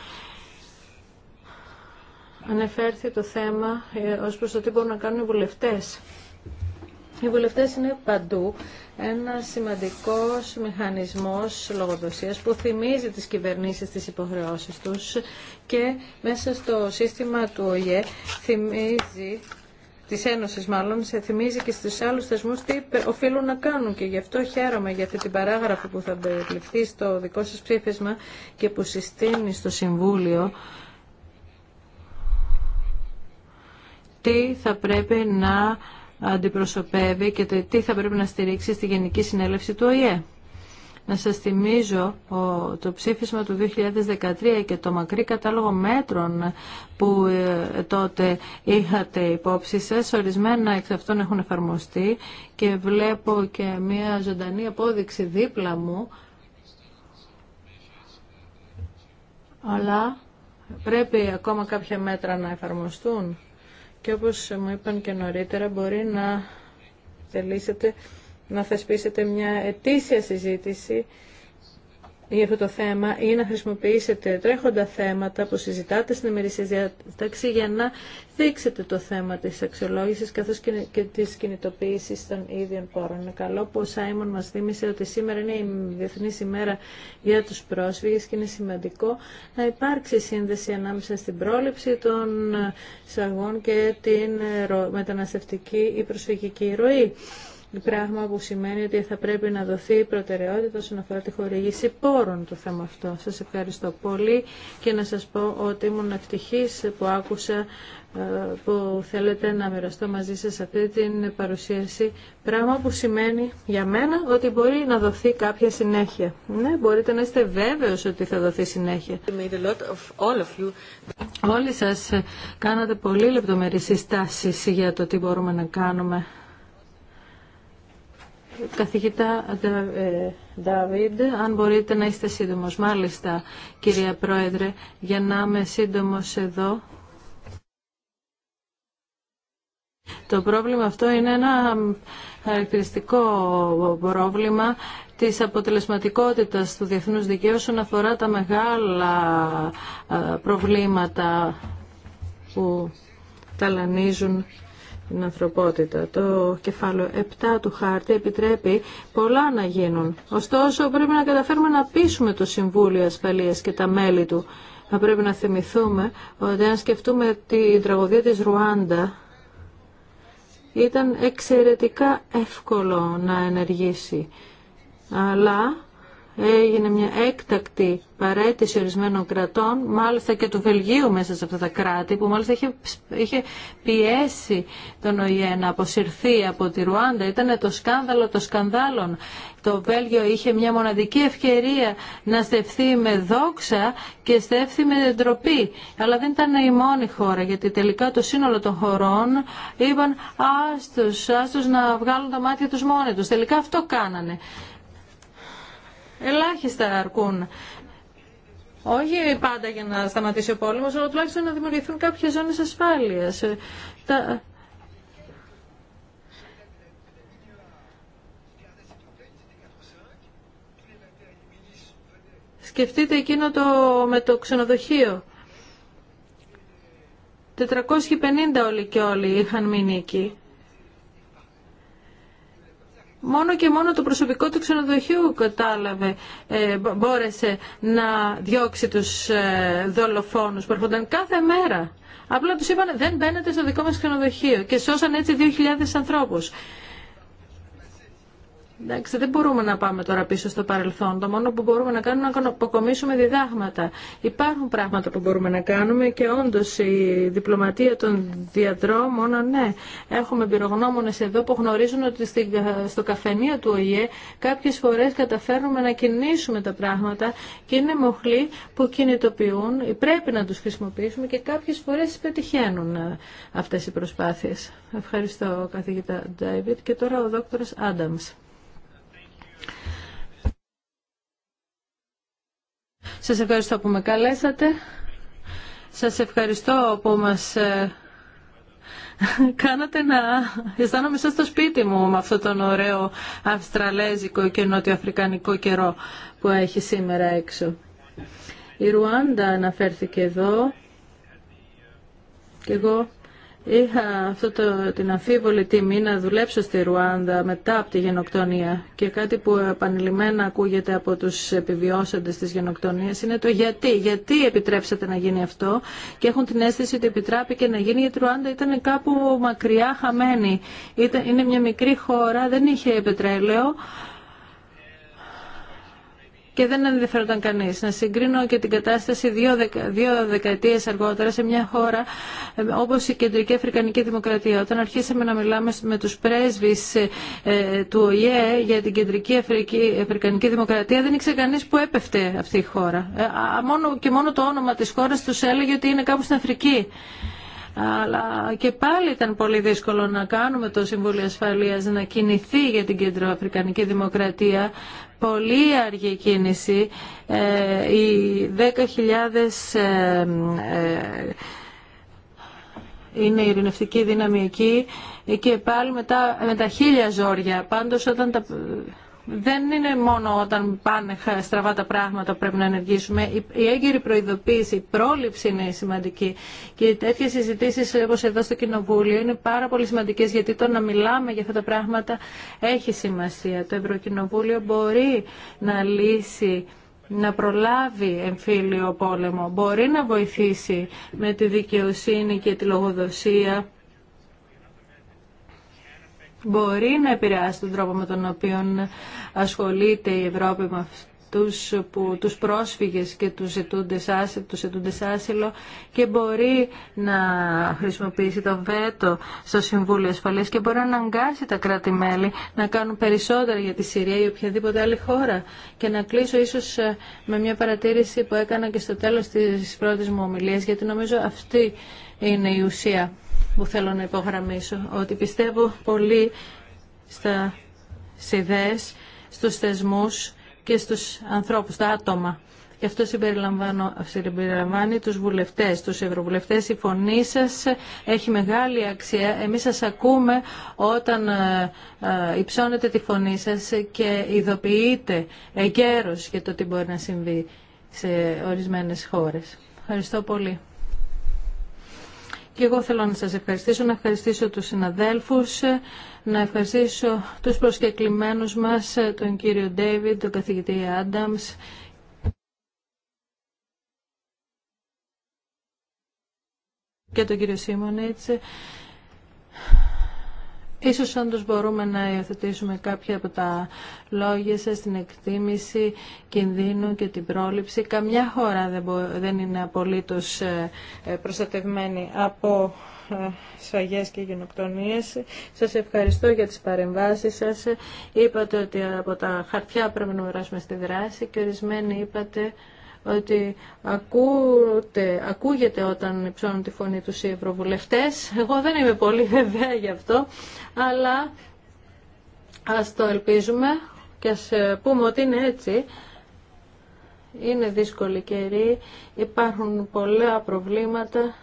Ανεφέρθη το θέμα ε, ως προς το τι μπορούν να κάνουν οι βουλευτές. Οι βουλευτέ είναι παντού ένα σημαντικός μηχανισμός λογοδοσία που θυμίζει τις κυβερνήσεις τις υποχρεώσει τους και μέσα στο σύστημα του ΟΙΕ θυμίζει Τη Ένωση, μάλλον, σε θυμίζει και στου άλλου θεσμού τι οφείλουν να κάνουν. Και γι' αυτό χαίρομαι για αυτή την παράγραφο που θα περιληφθεί στο δικό σα ψήφισμα και που συστήνει στο Συμβούλιο τι θα πρέπει να αντιπροσωπεύει και τι θα πρέπει να στηρίξει στη Γενική Συνέλευση του ΟΗΕ. Να σας θυμίζω το ψήφισμα του 2013 και το μακρύ κατάλογο μέτρων που ε, τότε είχατε υπόψη σας. Ορισμένα εξ αυτών έχουν εφαρμοστεί και βλέπω και μια ζωντανή απόδειξη δίπλα μου. Αλλά πρέπει ακόμα κάποια μέτρα να εφαρμοστούν και όπως μου είπαν και νωρίτερα μπορεί να θελήσετε να θεσπίσετε μια ετήσια συζήτηση για αυτό το θέμα ή να χρησιμοποιήσετε τρέχοντα θέματα που συζητάτε στην ημερήσια διάταξη για να δείξετε το θέμα της αξιολόγησης καθώς και της κινητοποίησης των ίδιων πόρων. Είναι καλό που ο Σάιμον μας θύμισε ότι σήμερα είναι η Διεθνή ημέρα για τους πρόσφυγες και είναι σημαντικό να υπάρξει σύνδεση ανάμεσα στην πρόληψη των εισαγών και την μεταναστευτική ή προσφυγική ροή πράγμα που σημαίνει ότι θα πρέπει να δοθεί προτεραιότητα όσον αφορά τη χορήγηση πόρων το θέμα αυτό. Σας ευχαριστώ πολύ και να σας πω ότι ήμουν ευτυχής που άκουσα ε, που θέλετε να μοιραστώ μαζί σας αυτή την παρουσίαση πράγμα που σημαίνει για μένα ότι μπορεί να δοθεί κάποια συνέχεια. Ναι, μπορείτε να είστε βέβαιος ότι θα δοθεί συνέχεια. Όλοι σας κάνατε πολύ λεπτομερείς συστάσεις για το τι μπορούμε να κάνουμε Καθηγητά Νταβίντ, ε, αν μπορείτε να είστε σύντομος. Μάλιστα, κυρία Πρόεδρε, για να είμαι σύντομος εδώ. Το πρόβλημα αυτό είναι ένα χαρακτηριστικό πρόβλημα της αποτελεσματικότητας του διεθνούς δικαίου όσον αφορά τα μεγάλα ε, προβλήματα που ταλανίζουν την ανθρωπότητα. Το κεφάλαιο 7 του χάρτη επιτρέπει πολλά να γίνουν. Ωστόσο, πρέπει να καταφέρουμε να πείσουμε το Συμβούλιο Ασφαλείας και τα μέλη του. Θα πρέπει να θυμηθούμε ότι αν σκεφτούμε την τραγωδία της Ρουάντα, ήταν εξαιρετικά εύκολο να ενεργήσει. Αλλά έγινε μια έκτακτη παρέτηση ορισμένων κρατών, μάλιστα και του Βελγίου μέσα σε αυτά τα κράτη, που μάλιστα είχε, είχε πιέσει τον ΟΗΕ να αποσυρθεί από τη Ρουάντα. Ήταν το σκάνδαλο των σκανδάλων. Το Βέλγιο είχε μια μοναδική ευκαιρία να στεφθεί με δόξα και στεφθεί με ντροπή. Αλλά δεν ήταν η μόνη χώρα, γιατί τελικά το σύνολο των χωρών είπαν άστος, άστος να βγάλουν τα μάτια τους μόνοι τους. Τελικά αυτό κάνανε. Ελάχιστα αρκούν. Όχι πάντα για να σταματήσει ο πόλεμος, αλλά τουλάχιστον να δημιουργηθούν κάποιες ζώνες ασφάλειας. Τα... Σκεφτείτε εκείνο το, με το ξενοδοχείο. 450 όλοι και όλοι είχαν μείνει εκεί. Μόνο και μόνο το προσωπικό του ξενοδοχείου κατάλαβε, ε, μπόρεσε να διώξει τους ε, δολοφόνους που έρχονταν κάθε μέρα. Απλά τους είπαν δεν μπαίνετε στο δικό μας ξενοδοχείο και σώσαν έτσι 2.000 ανθρώπους. Εντάξει, δεν μπορούμε να πάμε τώρα πίσω στο παρελθόν. Το μόνο που μπορούμε να κάνουμε είναι να αποκομίσουμε διδάγματα. Υπάρχουν πράγματα που μπορούμε να κάνουμε και όντω η διπλωματία των διαδρόμων, ναι, έχουμε πυρογνώμονε εδώ που γνωρίζουν ότι στο καφενείο του ΟΗΕ κάποιε φορέ καταφέρνουμε να κινήσουμε τα πράγματα και είναι μοχλοί που κινητοποιούν, πρέπει να του χρησιμοποιήσουμε και κάποιε φορέ πετυχαίνουν ε, αυτέ οι προσπάθειε. Ευχαριστώ καθηγητά Ντάιβιτ και τώρα ο δόκτωρο Άνταμ. Σας ευχαριστώ που με καλέσατε. Σας ευχαριστώ που μας ε, κάνατε να αισθάνομαι σαν στο σπίτι μου με αυτόν τον ωραίο αυστραλέζικο και νοτιοαφρικανικό καιρό που έχει σήμερα έξω. Η Ρουάντα αναφέρθηκε εδώ και εγώ Είχα αυτό το, την αμφίβολη τιμή να δουλέψω στη Ρουάντα μετά από τη γενοκτονία και κάτι που επανειλημμένα ακούγεται από τους επιβιώσαντες της γενοκτονίας είναι το γιατί, γιατί επιτρέψατε να γίνει αυτό και έχουν την αίσθηση ότι επιτράπηκε να γίνει γιατί η Ρουάνδα ήταν κάπου μακριά χαμένη. Ήταν, είναι μια μικρή χώρα, δεν είχε πετρέλαιο και δεν ενδιαφέρονταν κανεί. Να συγκρίνω και την κατάσταση δύο, δεκα, αργότερα σε μια χώρα ε, όπω η Κεντρική Αφρικανική Δημοκρατία. Όταν αρχίσαμε να μιλάμε με τους πρέσβεις ε, του ΟΗΕ για την Κεντρική Αφρικανική Δημοκρατία δεν ήξερε κανεί που έπεφτε αυτή η χώρα. Ε, μόνο, και μόνο το όνομα τη χώρα του έλεγε ότι είναι κάπου στην Αφρική. Αλλά και πάλι ήταν πολύ δύσκολο να κάνουμε το Συμβούλιο Ασφαλείας να κινηθεί για την Κεντροαφρικανική Δημοκρατία πολύ αργή κίνηση. Ε, οι 10.000 ε, ε, είναι η ειρηνευτική δύναμη εκεί και πάλι μετά με τα χίλια ζόρια. Πάντως όταν τα δεν είναι μόνο όταν πάνε στραβά τα πράγματα που πρέπει να ενεργήσουμε. Η έγκυρη προειδοποίηση, η πρόληψη είναι σημαντική. Και τέτοιε συζητήσει όπω εδώ στο Κοινοβούλιο είναι πάρα πολύ σημαντικέ γιατί το να μιλάμε για αυτά τα πράγματα έχει σημασία. Το Ευρωκοινοβούλιο μπορεί να λύσει να προλάβει εμφύλιο πόλεμο, μπορεί να βοηθήσει με τη δικαιοσύνη και τη λογοδοσία μπορεί να επηρεάσει τον τρόπο με τον οποίο ασχολείται η Ευρώπη με αυτό τους, που, τους πρόσφυγες και τους ζητούντες άσυλο, τους άσυλο και μπορεί να χρησιμοποιήσει το βέτο στο Συμβούλιο Ασφαλείας και μπορεί να αναγκάσει τα κράτη-μέλη να κάνουν περισσότερα για τη Συρία ή οποιαδήποτε άλλη χώρα. Και να κλείσω ίσως με μια παρατήρηση που έκανα και στο τέλος της πρώτης μου ομιλίας γιατί νομίζω αυτή είναι η ουσία που θέλω να υπογραμμίσω, ότι πιστεύω πολύ στα ιδέες, στους θεσμούς και στους ανθρώπους, τα άτομα. Και αυτό συμπεριλαμβάνει τους βουλευτές, τους ευρωβουλευτές. Η φωνή σας έχει μεγάλη αξία. Εμείς σας ακούμε όταν ε, ε, υψώνετε τη φωνή σας και ειδοποιείτε εγκαίρως για το τι μπορεί να συμβεί σε ορισμένες χώρες. Ευχαριστώ πολύ. Και εγώ θέλω να σας ευχαριστήσω, να ευχαριστήσω τους συναδέλφους, να ευχαριστήσω τους προσκεκλημένους μας, τον κύριο Ντέιβιντ, τον καθηγητή Άνταμς και τον κύριο Σίμονιτς Ίσως όντως μπορούμε να υιοθετήσουμε κάποια από τα λόγια σας στην εκτίμηση κινδύνου και την πρόληψη. Καμιά χώρα δεν είναι απολύτως ε, ε, προστατευμένη από ε, σφαγές και γενοκτονίες. Σας ευχαριστώ για τις παρεμβάσεις σας. Είπατε ότι από τα χαρτιά πρέπει να περάσουμε στη δράση και ορισμένοι είπατε ότι ακούτε, ακούγεται όταν ψώνουν τη φωνή τους οι ευρωβουλευτές. Εγώ δεν είμαι πολύ βεβαία γι' αυτό, αλλά ας το ελπίζουμε και ας ε, πούμε ότι είναι έτσι. Είναι δύσκολη καιρή, υπάρχουν πολλά προβλήματα.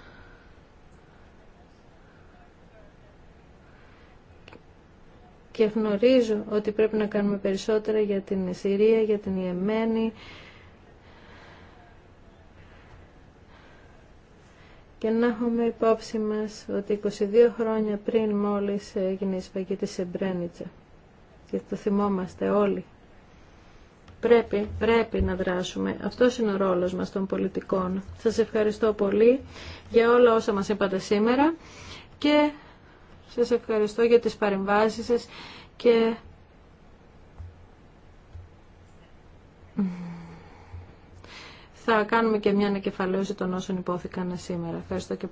Και γνωρίζω ότι πρέπει να κάνουμε περισσότερα για την Συρία, για την Ιεμένη, και να έχουμε υπόψη μας ότι 22 χρόνια πριν μόλις έγινε η σφαγή της Σεμπρένιτσα και το θυμόμαστε όλοι. Πρέπει, πρέπει να δράσουμε. Αυτό είναι ο ρόλος μας των πολιτικών. Σας ευχαριστώ πολύ για όλα όσα μας είπατε σήμερα και σας ευχαριστώ για τις παρεμβάσεις και θα κάνουμε και μια ανακεφαλαίωση των όσων υπόθηκαν σήμερα. Ευχαριστώ και